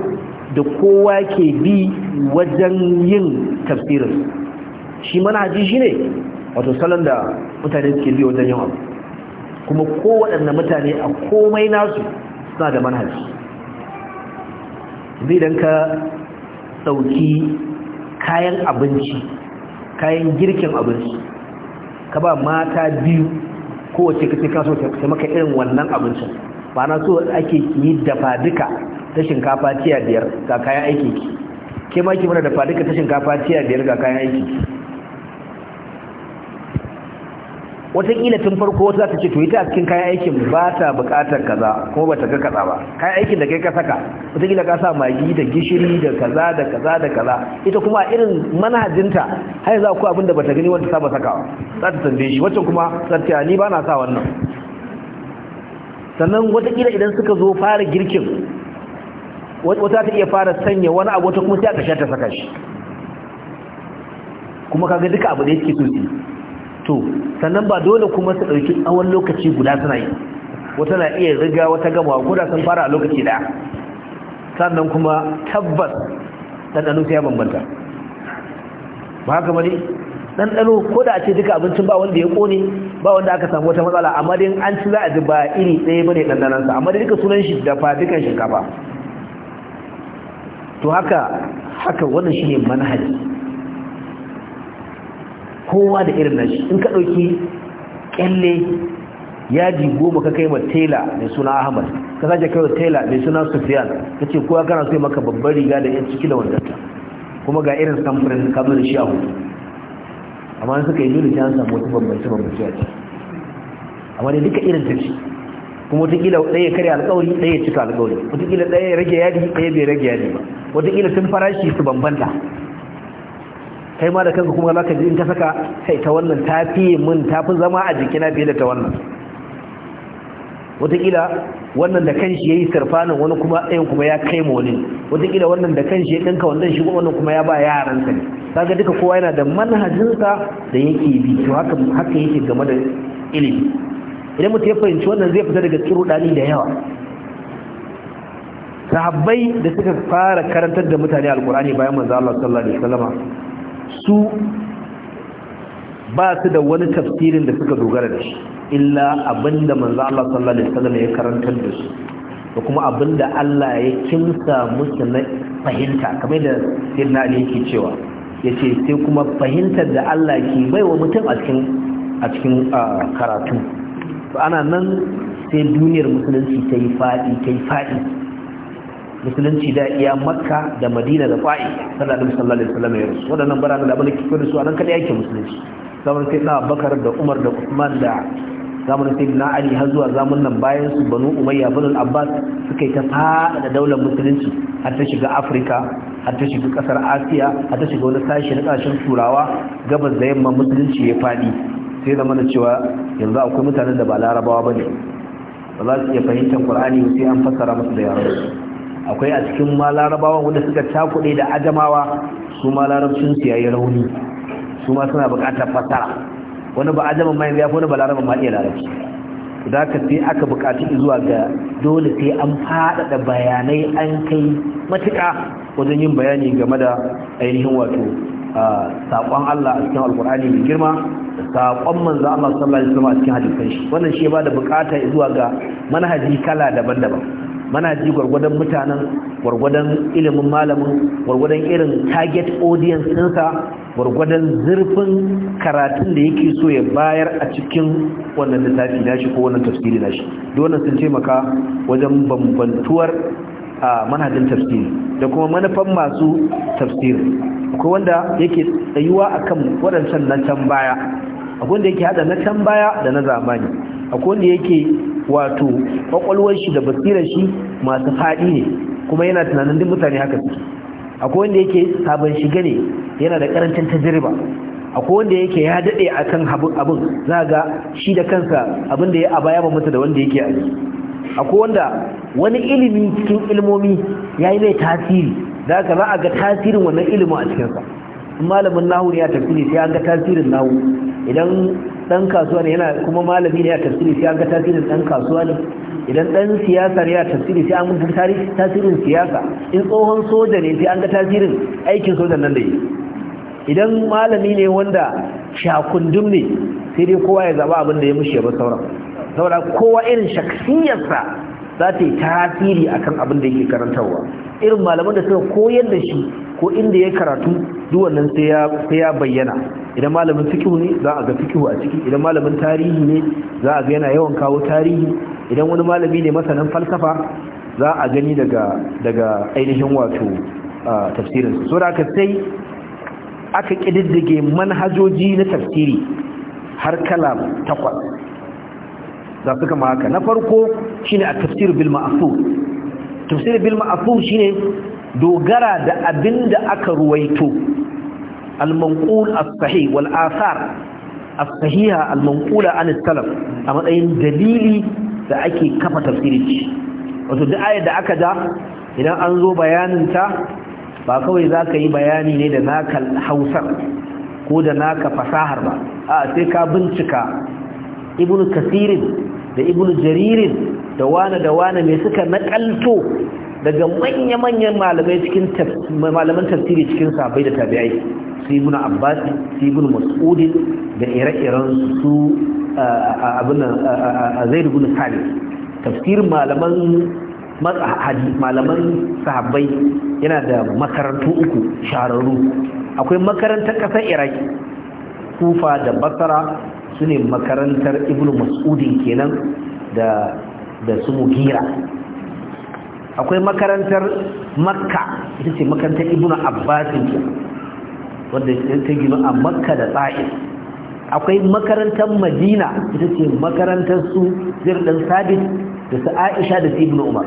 da kowa ke bi wajen yin tafsirin shi manhaji shine wato salon da mutane suke bi wajen yawon Kuma kuma waɗanda mutane a komai nasu suna da manhaji zai don ka ɗauki kayan abinci kayan girkin abinci ka ba mata biyu kowace kace kaso ta maka irin wannan abincin ba na so ake yi dafa duka ta shinkafa tiya biyar ga kayan aiki ke ma ki mana dafa duka ta shinkafa tiya biyar ga kayan aiki watakila tun farko wata ta ce to ita a cikin kayan aikin ba ta bukatar kaza kuma ba ta ga kaza ba kayan aikin da kai ka saka watakila ka sa magi da gishiri da kaza da kaza da kaza ita kuma irin manhajinta har yanzu akwai abin da ba ta gani wanda saba sakawa za ta tambaye shi wacce kuma za ni ba na sa wannan sannan watakila idan suka zo fara girkin wata ta iya fara sanya wani abu wata kuma sai a ƙashe ta saka shi kuma kaga duka abu da yake so to sannan ba dole kuma su ɗauki tsawon lokaci guda suna yi wata na iya riga wata gama guda sun fara a lokaci ɗaya sannan kuma tabbas ɗanɗano sai ya bambanta ba haka mani ɗanɗano ko da a ce duka abincin ba wanda ya ƙone ba wanda aka samu wata matsala amma dai an ci za a ji ba iri ɗaya ba ne ɗanɗanansa amma dai duka sunan shi dafa dukan shinkafa to haka haka wannan shi ne manhaji kowa da irin nashi in ka ɗauki ƙyalle yaji goma ka kai matela mai suna ahmad ka sake kai matela mai suna sufiyan ka ce kowa kana so maka babbar riga da yan ciki da ta, kuma ga irin samfurin kamar shi a hudu amma suka yi dole ta samu wata bambance bambance a ce amma dai duka irin ta ce kuma wataƙila ɗaya karya alƙawari ɗaya cika alƙawari wataƙila ɗaya rage yadi ɗaya bai rage yadi ba wataƙila fara farashi su bambanta kai ma da kanka kuma za ka ji in ka saka kai ta wannan ta fi min ta fi zama a jikina fiye da ta wannan wataƙila wannan da kan shi ya yi sarfanin wani kuma ɗayan kuma ya kai ma wani wataƙila wannan da kan shi ya ɗinka wannan shi wannan kuma ya ba yaransa ne kaga duka kowa yana da manhajinsa da yake bi to haka haka yake game da ilimi idan mutum ya fahimci wannan zai fita daga tsiro ɗani da yawa sahabbai da suka fara karantar da mutane alkurani bayan manzo Allah sallallahu alaihi wasallama su ba su da wani tafsirin da suka dogara da shi illa abinda manzo Allah sallallahu alaihi wasallam ya karanta da su da kuma abinda Allah ya kimsa musu na fahimta kamar da sirna ne yake cewa yace sai kuma fahimtar da Allah ke bai wa mutum a cikin a cikin karatu to ana nan sai duniyar musulunci ta yi fadi ta yi fadi musulunci da iya makka da madina da fa'i sallallahu alaihi wasallam ya rusu Wadannan biranen da abin da kike su a kada yake musulunci zaman sai na bakar da umar da usman da zaman sai na ali har zuwa zaman nan bayan su banu umayya banu abbas suka yi ta fada daular musulunci har ta shiga afirka har ta shiga ƙasar asiya har ta shiga wani sashi na kasashen turawa gabas da yamma musulunci ya fadi sai zama mana cewa yanzu akwai mutanen da ba larabawa ba ne ba za su iya fahimtar ƙur'ani sai an fassara musu da yaran akwai a cikin malarabawa wanda suka cakuɗe da ajamawa su ma larabcinsu ya yi rauni su ma suna buƙatar fasara wani ba ajaman ma ya fi wani ba ma iya larabci da ka sai aka buƙaci zuwa ga dole sai an faɗaɗa bayanai an kai matuƙa wajen yin bayani game da ainihin wato saƙon Allah a cikin alƙur'ani mai girma saƙon manzo Allah sallallahu alaihi wasallam a cikin hadisi wannan shi ya bada buƙata zuwa ga manhaji kala daban-daban mana ji gwargwadon mutanen gwargwadon ilimin malamin gwargwadon irin target audience ɗinsa gwargwadon zurfin karatun da yake so ya bayar a cikin wannan littafi nashi ko wannan tafsiri nashi dole sun taimaka wajen bambantuwar a manhajin tafsiri da kuma manufan masu tafsiri akwai wanda yake tsayuwa akan waɗancan na can baya akwai wanda yake hada na can baya da na zamani akwai wanda yake wato kwakwalwar shi da basirar shi masu faɗi ne kuma yana tunanin duk mutane haka suke akwai wanda yake sabon shiga ne yana da karancin tajriba akwai wanda yake ya daɗe a kan abin za ga shi da kansa abin da ya a baya ba masa da wanda yake a akwai wanda wani ilimi cikin ilmomi ya yi mai tasiri za ka a ga tasirin wannan ilimin a cikinsa malamin nahu ne ya tafi ne sai an ga tasirin nahu idan dan kasuwa ne yana kuma malami ne a tafsiri sai an ga tasirin dan kasuwa ne idan dan siyasa ne a tafsiri sai an ga tasirin siyasa in tsohon soja ne sai an ga tasirin aikin sojan nan da yi idan malami ne wanda shakundum ne sai dai kowa ya zaba abin da ya mushe ba sauran saboda kowa irin shaksiyarsa za ta yi tasiri akan abin da yake karantarwa irin malaman da suka koyar da shi ko inda ya karatu duk wannan sai ya bayyana idan malamin fiqh ne za a ga fikihu a ciki idan malamin tarihi ne za a ga yana yawan kawo tarihi idan wani malami ne masanin falsafa za a gani daga daga ainihin wato tafsirin so da aka sai aka kididdige manhajoji na tafsiri har kala takwas za su kama haka na farko shine a tafsir bil ma'thur tafsir bil ma'thur shine dogara da abin da aka ruwaito al-manqul as-sahih wal athar as-sahiha al-manqula an salaf a matsayin dalili da ake kafa tafsiri wato duk ayar da aka da idan an zo bayanin ta ba kawai zaka yi bayani ne da naka Hausar ko da naka fasahar ba a sai ka bincika ibnu kasirin da ibnu jaririn da wane da wane mai suka nakalto daga manya-manyan malamai cikin malaman tafsiri cikin sabai da tabi'ai su muna abbasi su muna mas'ud da ire-iren su zai da guna sabit tafsir malaman malaman sahabbai yana da makarantu uku shararru akwai makarantar ƙasar iraki kufa da basara su ne makarantar ibn mas'udin kenan da da su mugira akwai makarantar makka ita ce makarantar ibnu abbasin wadda ta gino a makka da tsa'in akwai makarantar madina ita ce makarantar su zirɗin sabit da su aisha da su umar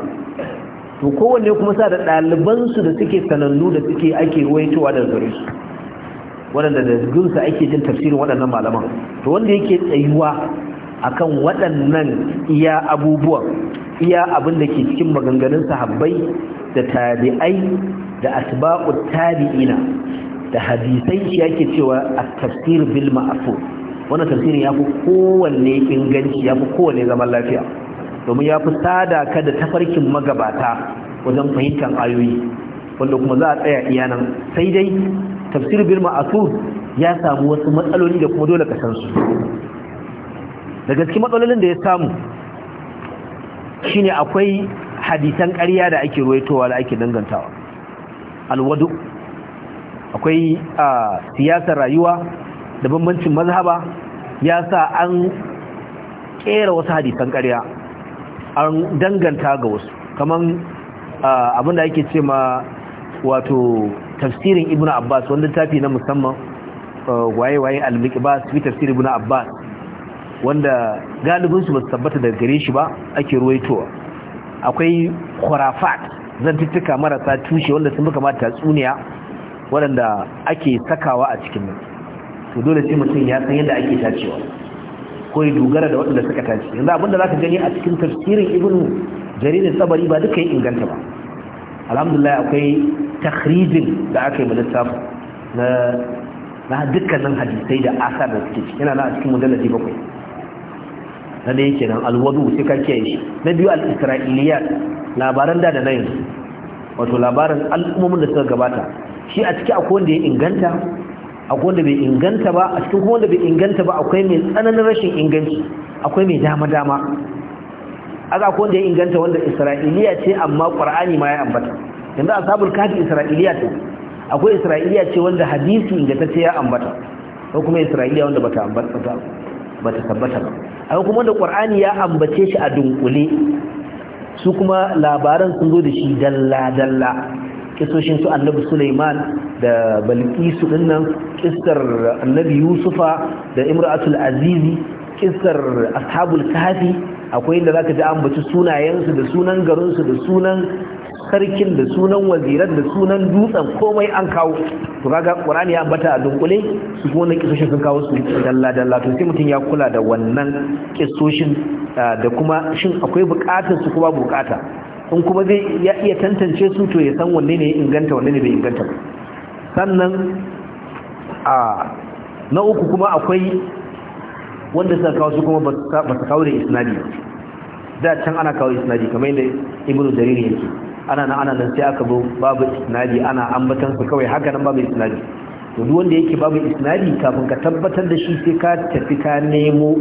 to kowanne kuma sa da ɗalibansu da suke sanannu da suke ake waitowa da gare su waɗanda da gunsa ake jin tafsirin waɗannan malaman to wanda yake tsayuwa akan waɗannan iya abubuwan iya abin da ke cikin maganganun sahabbai da tabi'ai da asbaqut tabi'ina da hadisai shi yake cewa at-tafsir bil ma'fu wannan ya fi kowanne inganci ya fi kowanne zaman lafiya domin ya fi sada ka da tafarkin magabata wajen fahimtar ayoyi wanda kuma za a tsaya iya nan sai dai tafsir bil ma'fu ya samu wasu matsaloli da kuma dole ka san su daga cikin matsalolin da ya samu shine akwai hadisan ƙarya da ake ruwaitowa da ake dangantawa alwadu akwai a siyasar rayuwa da bambancin mazhaba ya sa an kera wasu hadisan ƙarya an danganta ga wasu kaman abin ake ce ma wato tafsirin ibn abbas wanda tafi na musamman waye-waye al mikibas fi tafsirin ibn abbas wanda galibinsu ba su tabbata daga gare shi ba ake ruwaitowa akwai khurafat tuttuka marasa tushe wanda sun fi kama tatsuniya waɗanda ake sakawa a cikin nan to dole sai mutum ya san yadda ake tacewa ko ya dogara da waɗanda suka tace yanzu abinda za ka gani a cikin tafsirin ibn jaririn sabari ba duka ya inganta ba alhamdulillah akwai takhrijin da aka yi ma littafi na na dukkanin hadisai da asar da suke ciki yana na a cikin mujallaji bakwai na dai yake nan alwadu kake shi na biyu al-isra'iliyat labaran da da na yanzu wato labarin al'ummomin da suka gabata shi a ciki akwai wanda ya inganta akwai wanda bai inganta ba a cikin kuma wanda bai inganta ba akwai mai tsananin rashin inganci akwai mai dama dama aka akwai wanda ya inganta wanda isra'iliya ce amma qur'ani ma ya ambata yanzu ashabul kafi isra'iliya ce akwai isra'iliya ce wanda hadisi ingantacce ya ambata ko kuma isra'iliya wanda bata ambata ba ta tabbata ba akwai kuma da qur'ani ya ambace shi a dunkule su kuma labaran sun zo da shi dalla dalla kisoshin su annabi suleiman da Balkisu dinnan kissar annabi Yusufa da Imra'atul Azizi kissar ashabul kahfi akwai inda zaka ji ambaci sunayensu da sunan garinsu da sunan sarkin da sunan waziran da sunan dutsen komai an kawo to kaga qur'ani ya ambata a dunkule su ko na kisoshin sun kawo su dalla dalla to sai mutum ya kula da wannan kisoshin da kuma shin akwai bukatar su kuma bukata in kuma zai ya iya tantance su to ya san wanne ne ya inganta wanne ne bai inganta ba sannan a na uku kuma akwai wanda suka kawo su kuma ba su kawo da isnadi ba da can ana kawo isnadi kamar yadda ibn jarir yake ana nan ana nan sai aka zo babu isnadi ana ambatan su kawai haka nan babu isnadi to duk wanda yake babu isnadi kafin ka tabbatar da shi sai ka tafi ka nemo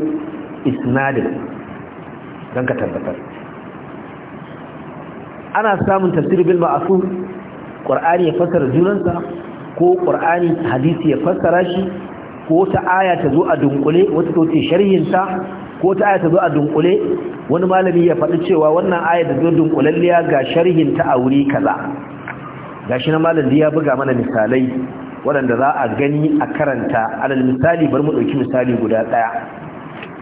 isnadin don ka tabbatar ana samun tafsir bil ma'asu qur'ani ya fassara junansa ko qur'ani hadisi ya fassara shi ko ta aya ta zo a dunkule wata to ce sharhin sa ko ta aya ta zo a dunkule wani malami ya faɗi cewa wannan aya da zo dunkulalliya ga sharhin ta a wuri kaza gashi na malam ya buga mana misalai waɗanda za a gani a karanta alal misali bar mu ɗauki misali guda ɗaya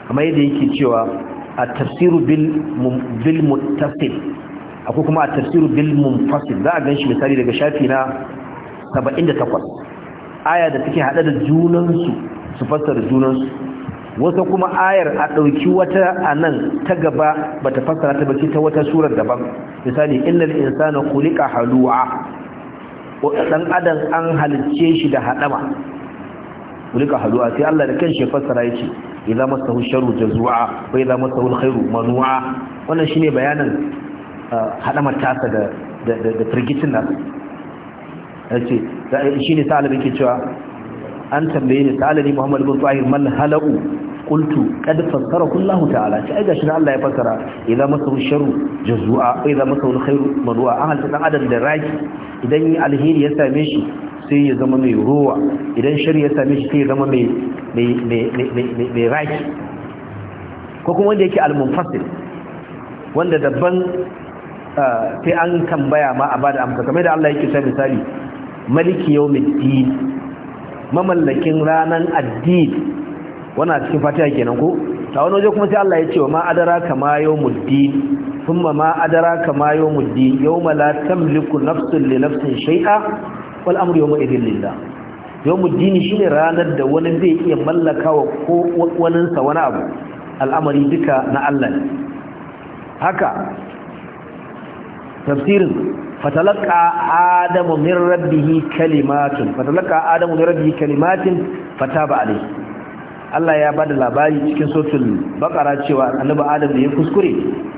kamar yadda yake cewa a tafsiru bil muttasil akwai kuma a tafsiru bil munfasil za a ganshi misali daga shafi na 78 aya da take hada da junansu su fassara junansu wasu kuma ayar a ɗauki wata a nan ta gaba ba ta fassara ta bace ta wata surar daban misali innal insana khuliqa halu'a dan adam an halicce shi da hadama khuliqa halu'a sai Allah da kanshi ya fassara yace idza masahu sharru jazua wa idza masahu alkhairu manua wannan shine bayanin uh, hadamar tasa da da da firgitin nan yace shine salibin ke cewa an tambaye ni ta'alani Muhammad bin Tahir mal halau qultu qad fassarahu Allah ta'ala sai ga shin Allah ya fassara idza masahu sharu jazua idza masahu khairu madua ahal ta adam da raki idan alheri ya same shi sai ya zama mai ruwa idan shari ya same shi sai ya zama mai mai raki ko kuma wanda yake al-munfasil wanda daban ah, sai an tambaya ma a bada amsa kamar da Allah yake sa misali maliki yawmiddin mamallakin ranan addid wana cikin fatiha kenan ko ta wani waje kuma sai Allah ya ce wa ma adara kama yawmuddin thumma ma adara kama yawmuddin yawma la tamliku nafsun li nafsin shay'a wal amru yawma idhin lillah yawmuddin shine ranar da wani zai iya mallaka wa ko wani sa wani abu al'amari duka na Allah haka tafsirin فتلقى آدم من ربه كلمات فتلقى آدم من ربه كلمات فتاب عليه Allah ya bada labari cikin sotul bakara cewa annabi Adam da ya kuskure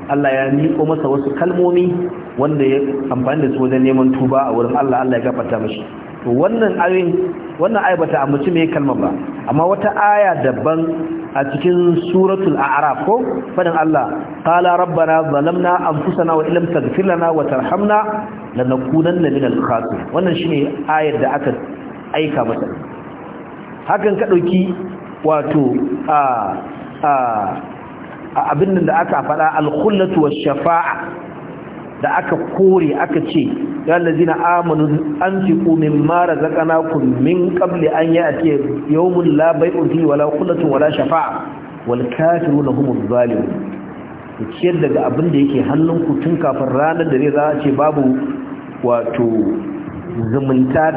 Allah ya miƙo masa wasu kalmomi wanda ya amfani da su wajen neman tuba a wurin Allah Allah ya gafarta mashi to wannan ayin wannan ayi bata ambaci me kalmar ba amma wata aya daban a cikin suratul a'raf ko fadan Allah qala rabbana zalamna anfusana wa illam taghfir lana wa tarhamna lanakunanna minal khasirin wannan shine ayar da aka aika masa hakan ka dauki wato a abin da aka faɗa al-khullatu wash-shafa'a da aka kore aka ce lazina amanu kumin mara zakana min qabli an yi ce yau mun labai fihi wala khullatun wala shafa'a wal kafiruna humuz zalimun ku ciyar daga abin da yake hannun kutun kafin ranar da zai za a ce babu wato zumunta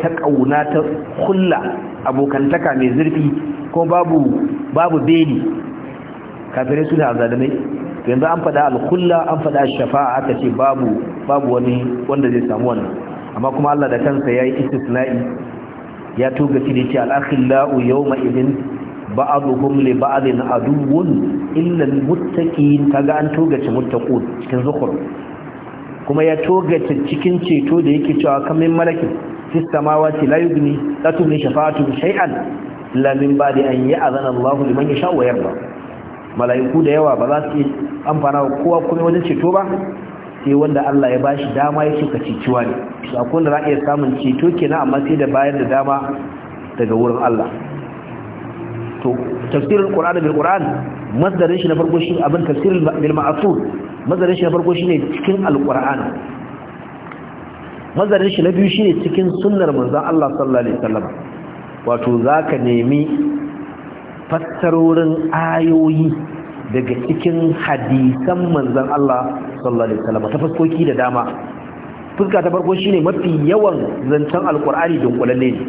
ta kauna ta kulla abokantaka mai zurfi ko babu babu beni kafirai su da yanzu an faɗa alkulla an faɗa shafa'a aka ce babu babu wani wanda zai samu wannan amma kuma Allah da kansa yayi istisna'i ya tuga shi da ce al-akhillau yawma idin ba'dhum li ba'din aduwwun illa al-muttaqin kaga an tuga ci muttaqun cikin zukhruf kuma ya toga cikin ceto da yake cewa kamin malakin fi samawati la yugni la tugni shafa'atu shay'an illa min ba'di an ya'zana Allahu liman yasha wa yarda mala'iku da yawa ba za su amfana wa kowa kuma wajen ceto ba sai wanda Allah ya bashi dama ya suka cikiwa ne su akwai da za a iya samun ceto kenan amma sai da bayan da dama daga wurin Allah to tafsirin da bil Qur'an masdarin shi na farko shi abin tafsirin bil ma'sur masdarin shi na farko shi ne cikin al-Qur'an shi na biyu shi ne cikin sunnar manzon Allah sallallahu alaihi wasallam wato zaka nemi fassarorin ayoyi daga cikin hadisan manzan Allah sallallahu alaihi wasallam ta fuskoki da dama fuska ta farko shine mafi yawan zancen alkur'ani dunkulalle ne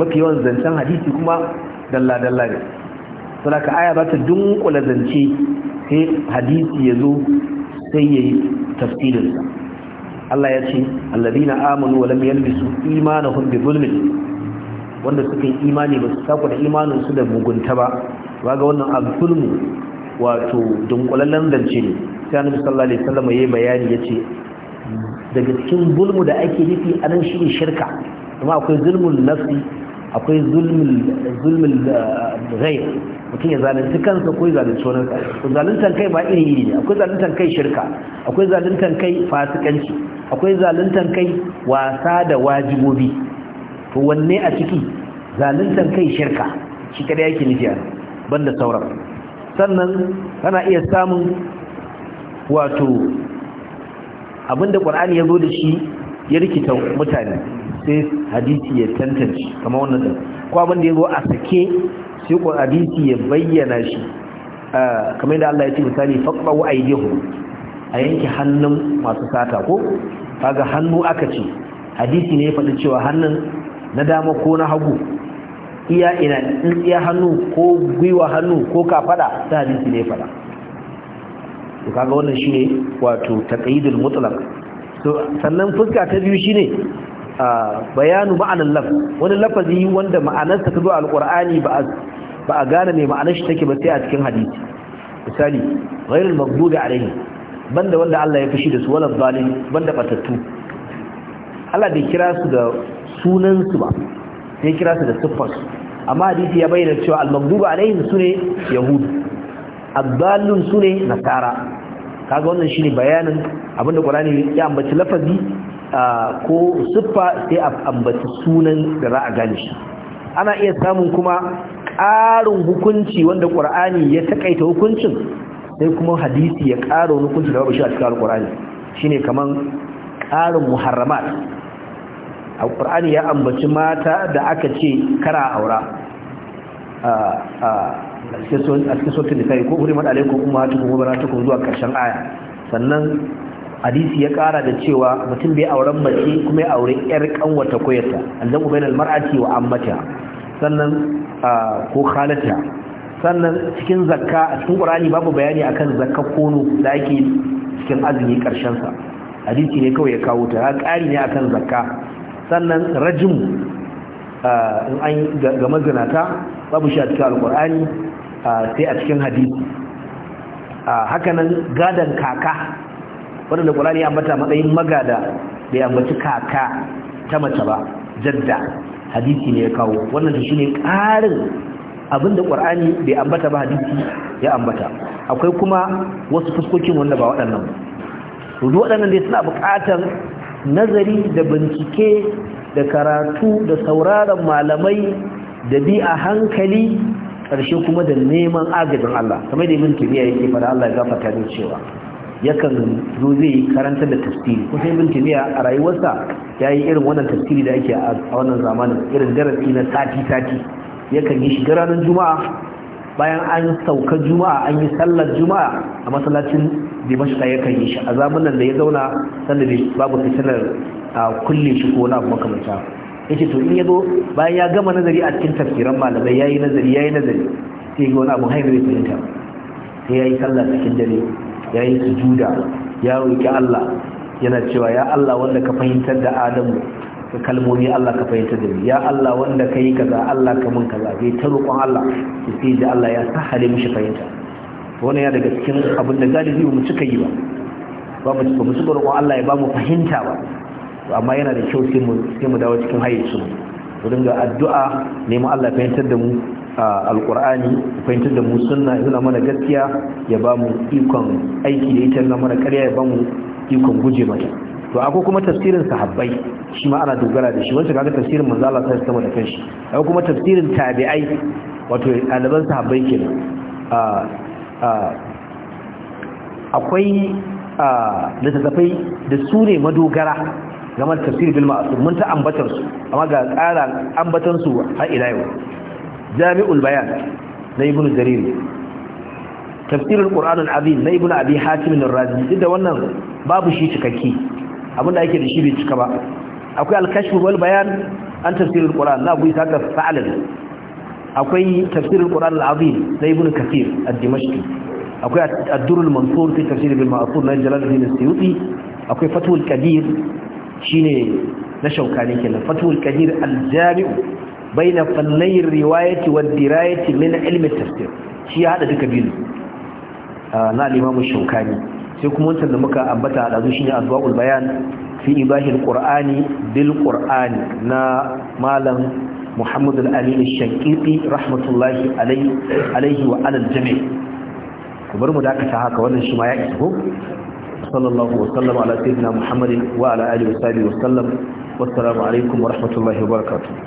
mafi yawan zancen hadisi kuma dalla dalla ne saboda ka aya za ta dunkula zance sai hadisi ya zo sai yayi tafsirinsa Allah ya ce allazina amanu wa lam yalbisu imanahum bi zulmin wanda suka yi imani ba su sako da imanin su da mugunta ba ba ga wannan abdulmu wato dunkulallen zance ne sai annabi sallallahu alaihi wasallam yayi bayani yace daga cikin zulmu da ake nufi anan shi ne shirka kuma akwai zulmul nafsi akwai zulmul zulmul eh, ghayr mutum ya zalunci kansa ko ya zalunci wani ko zaluntan kai ba iri iri ne akwai zaluntan kai shirka akwai zaluntan kai fasikanci akwai zaluntan kai wasa da wajibobi to wanne a ciki zaluntar kai shirka shi kada yake nufi banda sauran sannan kana iya samun wato abinda qur'ani ya zo da shi ya rikita mutane sai hadisi ya tantance kamar wannan din ko abinda ya zo a sake sai ko hadisi ya bayyana shi kamar da Allah ya ce misali faqbu aydihum a yanke hannun masu sata ko kaga hannu aka ce hadisi ne ya faɗi cewa hannun na dama ko na hagu iya ina in iya hannu ko gwiwa hannu ko ka fada ta hadisi ne fada to kaga wannan shine wato taqyidul mutlaq to sannan fuska ta biyu shine bayanu ma'anar laf wani lafazi wanda ma'anarsa ta zo alqur'ani ba ba a gane mai ma'anar shi take ba sai a cikin hadisi misali ghairul maghdubi alayhi banda wanda Allah ya fushi da su wala zalim banda batattu Allah bai kira su da sunansu ba sai kira su da siffarsu amma hadisi ya bayyana cewa al-maghdubu alaihim sune yahudu ad-dallun sune nasara kaga wannan shine bayanin abinda qur'ani ya ambaci lafazi ko siffa sai a ambaci sunan da za a gane shi ana iya samun kuma ƙarin hukunci wanda qur'ani ya takaita hukuncin sai kuma hadisi ya ƙara wani hukunci da babu shi a cikin qur'ani shine kaman ƙarin muharramat alqur'ani ya ambaci mata da aka ce kara aura a cikin sautin nisa'i ko hurimar kuma umaratukum ta kuma zuwa karshen aya sannan hadisi ya kara da cewa mutum bai auren mace kuma ya aure yar kanwata koyarta zan bainal mar'ati wa ammata sannan ko khalata sannan cikin zakka a cikin qur'ani babu bayani akan zakka kono da ake cikin azumi karshen sa hadisi ne kawai ya kawo ta ƙari ne akan zakka sannan rajim in an ga mazinata babu shi a cikin alkur'ani sai a cikin hadisi hakanan gadon kaka wadanda ƙwararri ya ambata matsayin magada da ya ambaci kaka ta mace ba jadda hadisi ne ya kawo wannan shi ne ƙarin abinda da bai ambata ba hadisi ya ambata akwai kuma wasu fuskokin wanda ba waɗannan ba waɗannan dai suna buƙatar nazari da bincike da karatu da sauraron malamai da bi a hankali ƙarshe kuma da neman agajin Allah kamar da ibn timiya yake fara Allah ya gafarta ne cewa yakan zo zai karanta da tafsiri yi ibn timiya a rayuwarsa ya yi irin wannan tafsiri da ake a wannan zamanin irin darasi na sati sati yakan yi shiga ranar juma'a bayan an sauka juma'a an yi sallar juma'a a masallacin dimashi ta yakan yi shi a zamanin da ya zauna sanda babu fitinar a kulle shi ko wani abu makamanta yake to in ya zo bayan ya gama nazari a cikin tafsiran malamai ya yi nazari ya yi nazari sai ga wani abu haibu bai fahimta sai yi sallah cikin dare ya su sujuda ya roƙi Allah yana cewa ya Allah wanda ka fahimtar da Adamu ka kalmomi Allah ka fahimtar da ni ya Allah wanda ka yi kaza Allah ka mun kaza bai ta roƙon Allah sai da Allah ya sahale mishi fahimta wannan ya daga cikin abin da galibi mu cika yi ba ba mu cika roƙon Allah ya ba mu fahimta ba amma yana da kyau sai mu sai mu dawo cikin hayyacin mu dinga addu'a neman Allah fahimtar da mu alqur'ani fahimtar da mu sunna yana mana gaskiya ya ba mu ikon aiki da ita na mana ƙarya ya ba mu ikon guje mata to akwai kuma tafsirin sahabbai shi ma ana dogara da shi wanda kaga tafsirin manzo Allah sai sama da kanshi akwai kuma tafsirin tabi'ai wato ɗaliban sahabbai kenan akwai littattafai da su ne madogara game da tafsir bil ma'asum mun ta ambatar su amma ga ƙara ambatan su har ila jami'ul bayan na ibnu jarir jariri. qur'an al-azim na ibnu abi hatim ar-razi duk da wannan babu shi cikakke abinda ake da shi bai cika ba akwai al-kashf wal bayan an tafsirin qur'an na abu isa ka fa'alan akwai tafsirin ƙuran al na da ibn kathir ad-dimashqi akwai ad-durrul mansur fi tafsir bil ma'thur na jalaluddin as-suyuti akwai fatul qadir shine na shaukani kenan fatul kadir al-jami'u baina fannay riwayati wad dirayati min ilmi tafsir shi ya hada duka biyu ah, na al-imam shaukani sai kuma wannan da muka ambata a dazu shine azwaul bayan fi ibahil ƙur'ani bil ƙur'ani na malam muhammad al shakifi shaqiqi rahmatullahi alaihi wa alal jami' kubar mu dakata haka wannan shi ma ya isa ko sallallahu wa sallama ala sayyidina muhammadin wa ala alihi wa sallam wassalamu alaikum wa rahmatullahi wa barakatuh